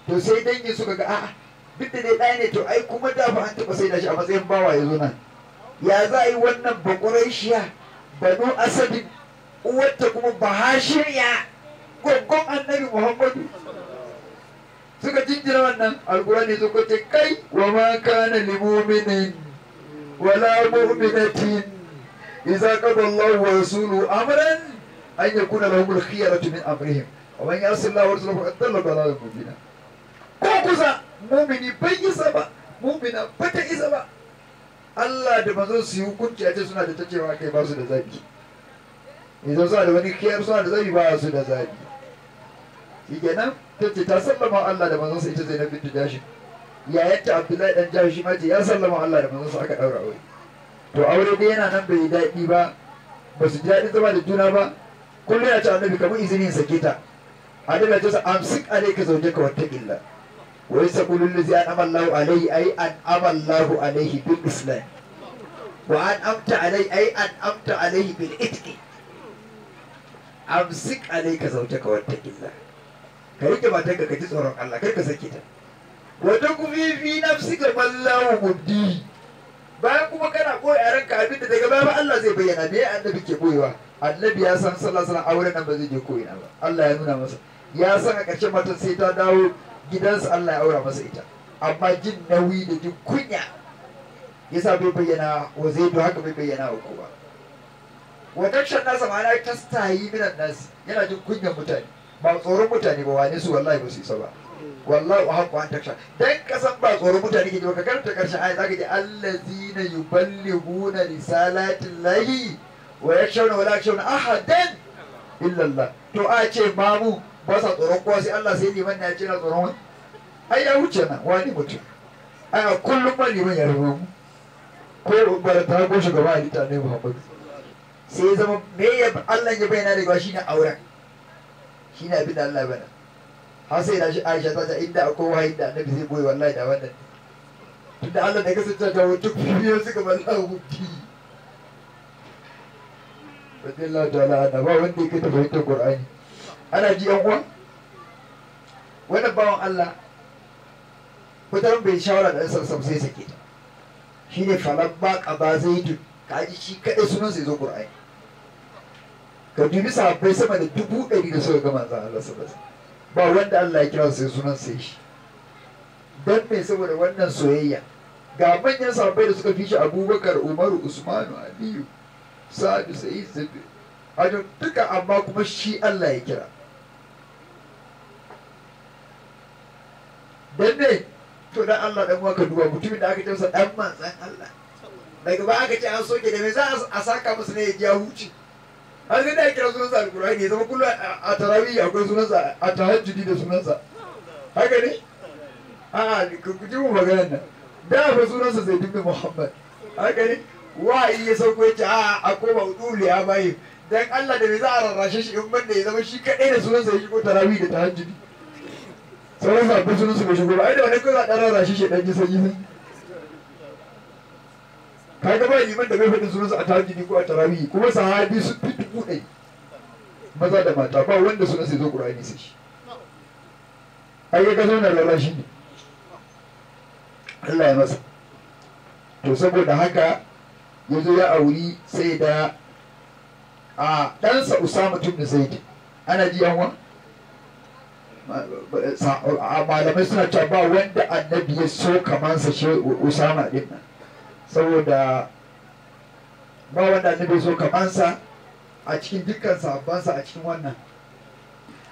to sai dangin suka ga a'a duk da ɗaya ne to ai kuma da ba an taɓa sai da shi a matsayin bawa ya zo nan ya za a yi wannan ba banu asadin uwarta kuma bahashiriya gwaggon annabi muhammadu suka jinjina wannan Al'ƙurani suka ce kai wa ma kana li mu'minin wala mu'minatin idza qada Allahu wa rasuluhu amran an yakuna lahum al-khiyaratu min amrihim wa man yasilla wa rasuluhu faqad dalla dalalan mubina ko kusa mumini bai isa ba mumina ba ta isa ba Allah da manzon su yi hukunci a ce suna da ta cewa kai ba su da zabi idan suna da wani kiyar suna da zabi ba su da zabi shi kenan ta ce ta sallama Allah da manzon sa ita Zainab jashi ya yayanta Abdullahi dan jashi shi ma ce ya sallama Allah da manzon sa aka daura aure to aure dai yana nan bai daɗi ba ba su ji daɗin zama da juna ba kullum ya ce annabi kamar izinin sake ta a daga jasa amsik alaika zaujaka ta illa an الذي أنعم الله عليه أي أنعم الله عليه بالإسلام وأنعمت عليه أي أنعمت عليه بالإتق أمسك عليك زوجك واتق الله كريك ما تنك كتس ورق الله كريك سكتا وتكو في في نفسك ما الله مبديه bayan kuma kana koyi a ranka abinda daga baya ba Allah zai bayyana me annabi ke koyewa annabi ya san sallallahu alaihi wasallam auren nan ba zai je koyi ba Allah ya nuna masa ya san a ƙarshen matan sai ta dawo gidansa Allah ya aura masa ita amma jin nauyi da jin kunya ya sa bai bayyana wa zai haka bai bayyana wa kowa wadancan nasa ma'ana tastahi minan nasi yana jin kunyan mutane ba tsoron mutane ba wane su wallahi ba su isa ba wallahi wa haqqu an takshan. dan kasan ba tsoron mutane ke ji ka karanta karshen aya zaka ji allazina yuballighuna layi. wa yakshawna wa la yakshawna ahadan illa Allah to a ce mamu ba tsoron kowa sai Allah sai liman ya ce na tsoron wani ai ya wuce nan wani mutum ai a kullum ma liman ya rubu mu ko ba da ta ko shugaba a lita ne Muhammadu sai ya zama me ya Allah ya bayyana daga shi ne auren shi ne abin da Allah bana har sai da shi Aisha ta ce inda akwai wahayi da annabi zai boye wallahi da wannan tunda Allah da kasance ta wuce biyu suka balla hukunci radiyallahu ta'ala ba wanda yake tafiyar Qur'ani ana ji yan uwa wannan bawan Allah fitar bai shawara da sassam sai sake ta shine falabba qaba ka ji shi kadai sunan sai zo qur'ani ka dubi sahabbai sama da dubu ɗari da suka gama zan Allah sabata ba wanda Allah ya kira sai sunan sai shi dan me saboda wannan soyayya ga manyan sahabbai da suka fi shi Abubakar Umaru Usmanu Aliyu Sa'ad Sa'id Zabi a duka amma kuma shi Allah ya kira dan to dan Allah dan uwa ka duba mutumin da aka ce masa dan manzan Allah daga ba aka ce an soke da me za a saka masa ne ya huce har sai da kira sunansa alkur'ani ya zama kullum a tarawih akwai sunansa a tahajjudi da sunansa haka ne a ku ji mu maganar nan da fa sunansa zai dubbe muhammad haka ne Wa iya sauko ya ce a a koma udulu ya bayi dan Allah da me za a rarrashe shi in banda ya zama shi kadai da sunansa ya shigo tarawih da tahajjudi sauran zaɓi sunan su bai gobe ba ai da wani kawai ɗan rara shi shaidan ji sanyi ne ka ga ba liman da bai faɗin sunansa a tarihi ko a tarihi kuma sahabi sun fi dubu ɗai maza da mata ba wanda sunan sai zo ƙur'ani sai shi ai ga gazo na shi ne Allah ya masa to saboda haka ya zo ya auri sai da a ɗansa usama tun da zaidi ana ji yanwa malamai suna cewa ba wanda annabi ya so kamansa shi usama din nan saboda ba wanda annabi ya so kamansa a cikin dukkan sa a cikin wannan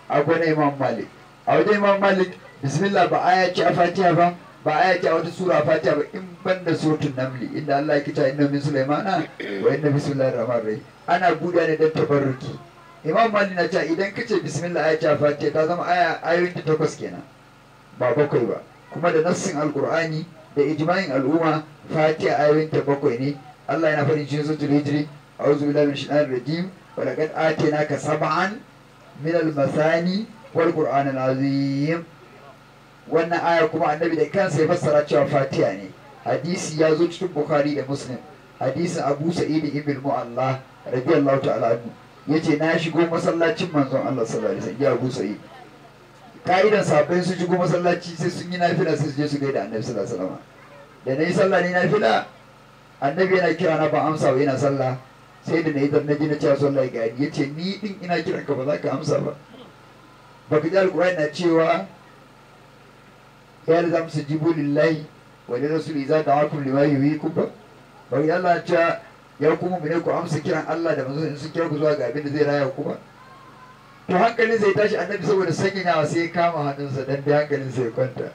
akwai na imam malik a wajen imam malik bismillah ba aya ce a fatiha ba ba aya ce a wata sura fatiha ba in ban da sotun namli inda Allah ya kita inna min sulaimana wa inna bismillahir rahmanir rahim ana buɗe ne dan tabarruki imam mali na cewa idan ka ce bismillah ayat fatiha ta zama aya ayoyin ta takwas kenan ba bakwai ba kuma da nassin alqur'ani da ijma'in al'umma fatiha ayoyin ta bakwai ne Allah yana farin cikin suratul hijri a'udhu billahi minash shaitanir rajim wa laqad atinaka sab'an min al-masani wal al azim wannan aya kuma annabi da kansa ya fassara cewa fatiha ne hadisi ya zo cikin bukhari da muslim hadisin abu sa'id ibn mu'alla radiyallahu ta'ala anhu yace na shigo masallacin manzon Allah sallallahu alaihi wasallam ya Abu Sa'id ka'idan sabbin su shigo masallaci sai sun yi nafila sai su je su gaida annabi sallallahu alaihi wasallam da nayi sallah ne nafila annabi yana kira na ba amsa ba yana sallah sai da nayi na ji na cewa sallah ga ya yace ni din ina kiran ka ba za ka amsa ba ka ji alqur'ani na cewa ya zama su jibu lillahi wa rasuli. za da'akum lima yuhikum ba baka ji Allah na cewa ya kuma mu ne ku amsa kiran Allah da manzo in sun kira ku zuwa ga abin da zai raya ku ba to hankalin zai tashi annabi saboda sanyawa sai ya kama hannunsa dan da hankalin sai kwanta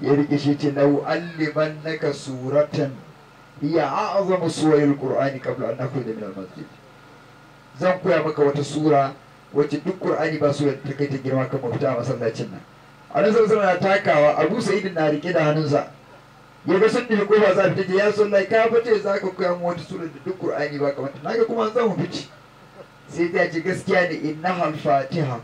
ya rike shi ce na alliman naka suratan hiya a'zamu suwayil qur'ani qabla an nakhruja min al-masjid zan koya maka wata sura wacce duk qur'ani ba su ta kai ta girma kamar mafita a masallacin nan annabi sallallahu alaihi wasallam takawa Abu Sa'id na rike da hannunsa ya ga shi ko ba za ta ya lai ka fice za ka koya mu wata sura da duk qur'ani ba kamar ta naga kuma zan fice sai ta ce gaskiya ne innaha al-fatiha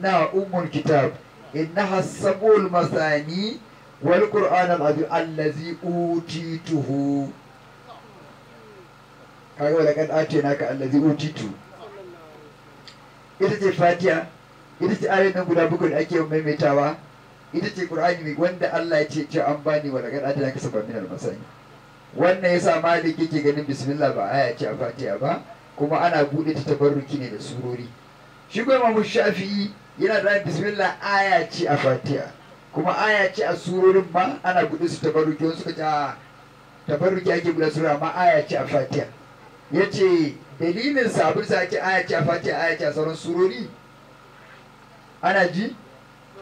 na ummul kitab innaha hasabul masani wal qur'an al-azim allazi utituhu kaga wala kan ace naka allazi utitu ita ce fatiha ita ce ayoyin nan guda bakwai da ake maimaitawa ita ce qur'ani wanda Allah ya ce ce an bani wa daga adana ka saba min al-masani wannan yasa malik yake ganin bismillah ba aya ce a fatiha ba kuma ana bude ta tabarruki ne da surori shi ko imamu shafi'i yana da bismillah aya ce a fatiha kuma aya ce a surorin ma ana bude su tabarruki wasu ka ta tabarruki ake bude sura ma aya ce a fatiha yace dalilin sabu sa ake aya ce a fatiha aya ce a sauran surori ana ji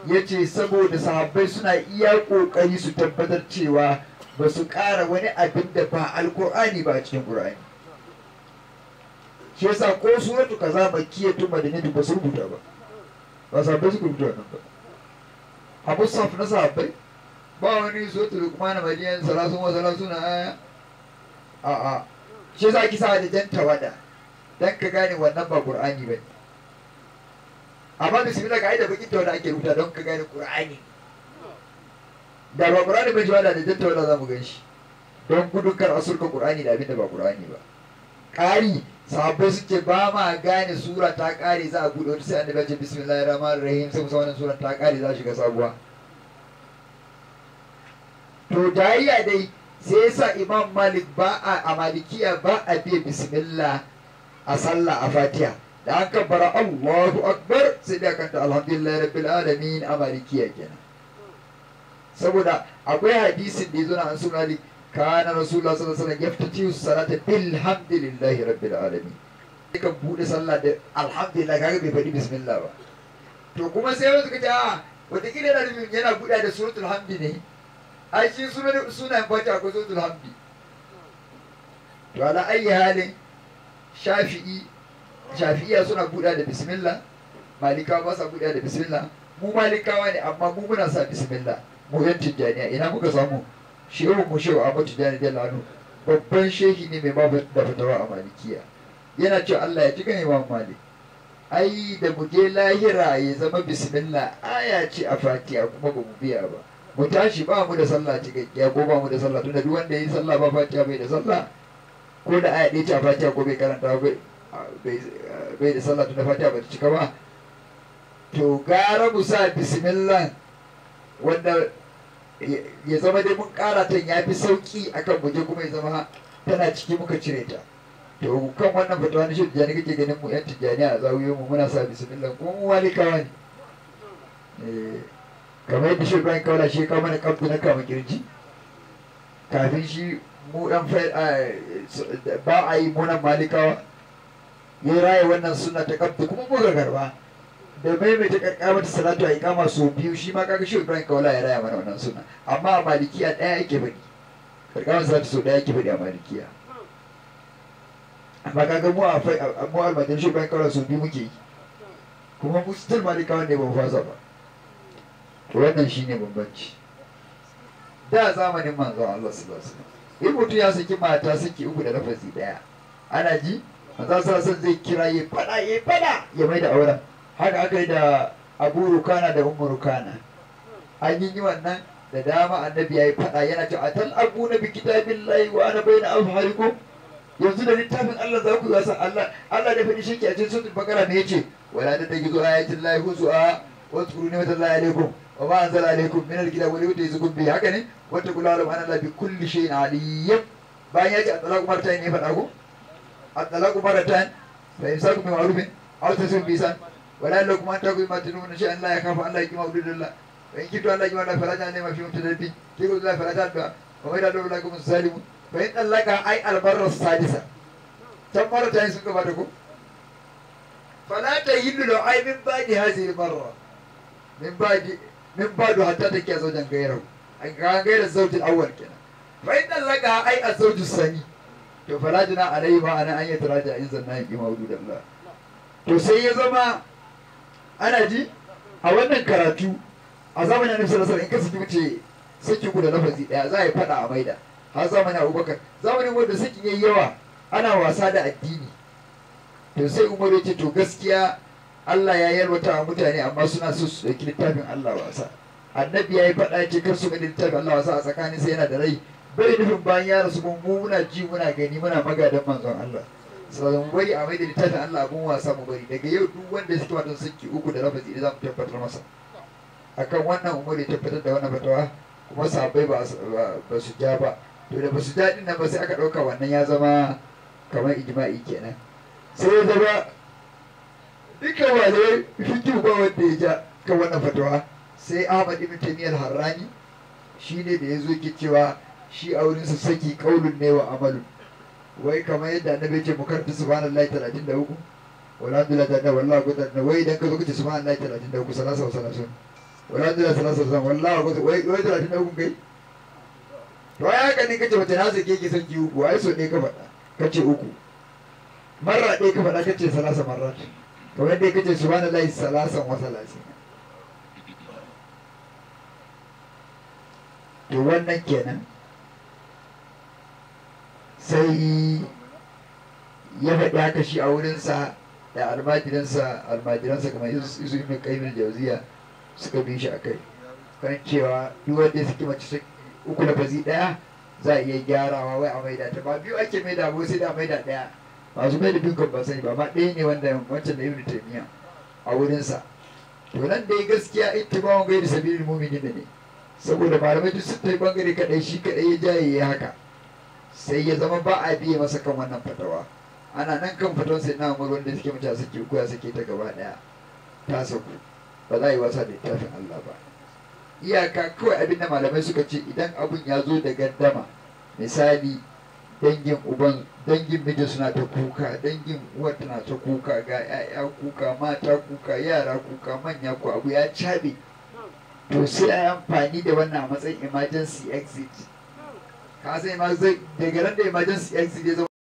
ya ce saboda sahabbai suna iya ƙoƙari su tabbatar cewa ba su ƙara wani abin da ba alƙur'ani ba a cikin ƙur'ani shi yasa ko suratu kaza tun madaniyatu ba su rubuta ba ba sahabbai su rubuta nan ba abu saf na sahabbai ba wani kuma na madiyan salasun wa salasun aya a'a shi yasa kisa da janta wada dan ka gane wannan ba ƙur'ani ba ne amma bismillah ka da bakin tauna ake rubuta don ka gane qur'ani da ba qur'ani ba jiwa da da tawada za mu ganshi don gudun kar asurka qur'ani da abinda ba qur'ani ba ƙari sahabbai suke ba ma gane sura ta ƙare za a buɗe wata sai annabi ya ce bismillahir rahim sai musa wannan sura ta ƙare za a shiga sabuwa to dariya dai sai yasa imam malik ba a malikiya ba a biya bismillah a sallah a fatiha da an kabbara Allahu akbar sai da kanta alhamdulillah rabbil alamin a malikiya kenan saboda akwai hadisin da yazo na an suna ali kana rasulullah sallallahu alaihi wasallam yaftati salata bil hamdulillah rabbil alamin kan bude sallah da alhamdulillah kaga bai faɗi bismillah ba to kuma sai wasu kace a wataƙila da nufin yana buɗa da suratul hamdi ne ai shi suna sunan fata akwai suratul hamdi to ala ayyi halin shafi'i shafi'iya suna buɗa da bismillah malikawa ba sa buɗa da bismillah mu malikawa ne amma mu muna sa bismillah mu yan tijjaniya ina muka samu shehu mu shehu amma tijjani da lanu babban shehi ne mai babu da fitawa a malikiya yana cewa Allah ya ji kan imam malik ai da mu je lahira ya zama bismillah aya ce a fatiha kuma ba mu biya ba mu tashi ba mu da sallah cikakkiya ko ba mu da sallah tunda duk wanda yi sallah ba fatiha bai da sallah ko da aya ɗaya ce a fatiha ko bai karanta ba bai da sallah tun da fatiha ba ta cika ba to gara mu sa bismillah wanda ya zama dai mun ƙara ta ya fi sauƙi akan muje kuma ya zama tana ciki muka cire ta to kan wannan fatawa na shi ne kake ganin mu yan tijjani a zawiyoyin mu muna sa bismillah kuma mu kawai ne eh, kamar yadda shi bayan kawai shi kawo mana kamfi na kama kirji kafin shi mu yan ba a yi munan malikawa ya raya wannan suna ta kabdu kuma buga garba da maimaita karkar ta salatu a ikama sau biyu shi ma kaga shi ibrahim kawala ya raya mana wannan suna amma a malikiya ɗaya ake bari karkar ta salatu sau ɗaya ake bari a malikiya amma kaga mu a mu almajirin shi ibrahim kawala sau biyu muke yi kuma mu sitar malikawa ne ban fasa ba to wannan shine bambanci da zamanin manzon Allah ba su wasallam in mutum ya saki mata saki uku da lafazi daya ana ji maza sa san zai kira ya fada ya fada ya mai da auren haka aka yi da abu rukana da umar rukana an yi wannan da dama annabi ya yi fada yana cewa a tal abu na bi kitabin layi wa ana bayyana alfaharikum yanzu da littafin Allah za ku zasa Allah Allah da fadi shi a cikin sunan bakara ne yace wala da take zuwa ayatin lahi a wa kuru ne mata lahi alaikum wa ma anzala alaikum min alkitabi wa yuti zukum bi haka ne wata kula alam ana la bi kulli shay'in aliyyam bayan ya ce a Umar kuma ta ne faɗa ko hatta za ku fara tan fahimtar ku mai marufe a wata sun bisa wani an ta kuma tuni wani shi Allah ya kafa Allah ya kima wudu dalla fahimtar Allah ya kima da faraja ne mafi mutu dalbi ki ko zuwa faraja da ba wai da dole kuma salimu fahimtar sun kuma da ku fala ta yi lulu ai min ba ni hazi barra min ba min ba du hatta take zo jan gairau an ga gairar zauji awwal kenan fa inna laka ai azauju sani to fala jina alaihi ba ana an yi taraja in zanna yake mawudu da to sai ya zama ana ji a wannan karatu a zamanin annabi sallallahu alaihi wasallam in ka saki mace saki guda lafazi daya za a yi fada a maida har zamanin abubakar zamanin wanda saki yi yawa ana wasa da addini to sai umar ya ce to gaskiya Allah ya yalwata wa mutane amma suna so su ɗauki littafin Allah wasa annabi ya yi faɗa ce kar su ga littafin Allah wasa a tsakanin sai yana da rai bai nufin bayan ya rasu kuma mu muna ji muna gani muna magadan manzon Allah sauran mu bari a mai da littafin Allah abun wasa mu bari daga yau duk wanda ya fito wannan saki uku da lafazi da zamu tabbatar masa akan wannan umar ya tabbatar da wannan fatawa kuma sabai ba su ja ba to da ba su ja din nan ba sai aka ɗauka wannan ya zama kamar ijma'i kenan sai ya zama dukkan wale fikihu ba wanda ya ja kan wannan fatawa sai Ahmad ibn Taymiyyah al-Harrani shine da ya zo ke cewa shi a wurin su saki kaulun ne wa amalu wai kamar yadda annabi ce talatin da 33 wala dula da wallahi gudan da wai idan ka zo talatin da 33 salasa wa salasun wala dula salasa wa salasun wallahi gudan wai wai uku kai to ya ka ne kace wata nasu ke ke son ki uku ai so ne ka faɗa kace uku marra ɗaya ka faɗa kace salasa marra to wai dai kace subhanallahi salasan wa salasun to wannan kenan sai ya faɗi haka shi a wurinsa da almajiransa almajiransa kamar isu ibn qayyim jauziya suka bi shi akai kan cewa duk wanda suke mace uku na fazi daya za a iya gyarawa wai a maida ta ba biyu ake maida ba sai da maida daya masu maida biyu kan ba sani ba ma ɗaya ne wanda wancan da ibn taymiya a wurinsa to nan dai gaskiya ittibawan gairi sabilil mu'minin ne saboda malamai duk sun tai bangare kadai shi kadai ya jaye haka sai ya zama ba a biya masa kan wannan fatawa ana nan kan fatawar sai na amur wanda suke mutane suke ya suke ta gaba daya ta saku ba za a yi wasa da littafin Allah ba iyaka kawai abin da malamai suka ce idan abin ya zo da gandama. misali dangin uban dangin miji suna ta kuka dangin uwar tana ta kuka ga 'ya'ya kuka mata kuka yara kuka manya ko abu ya cabe to sai a amfani da wannan matsayin emergency exit ka san sai daga nan da emergency exit ya zama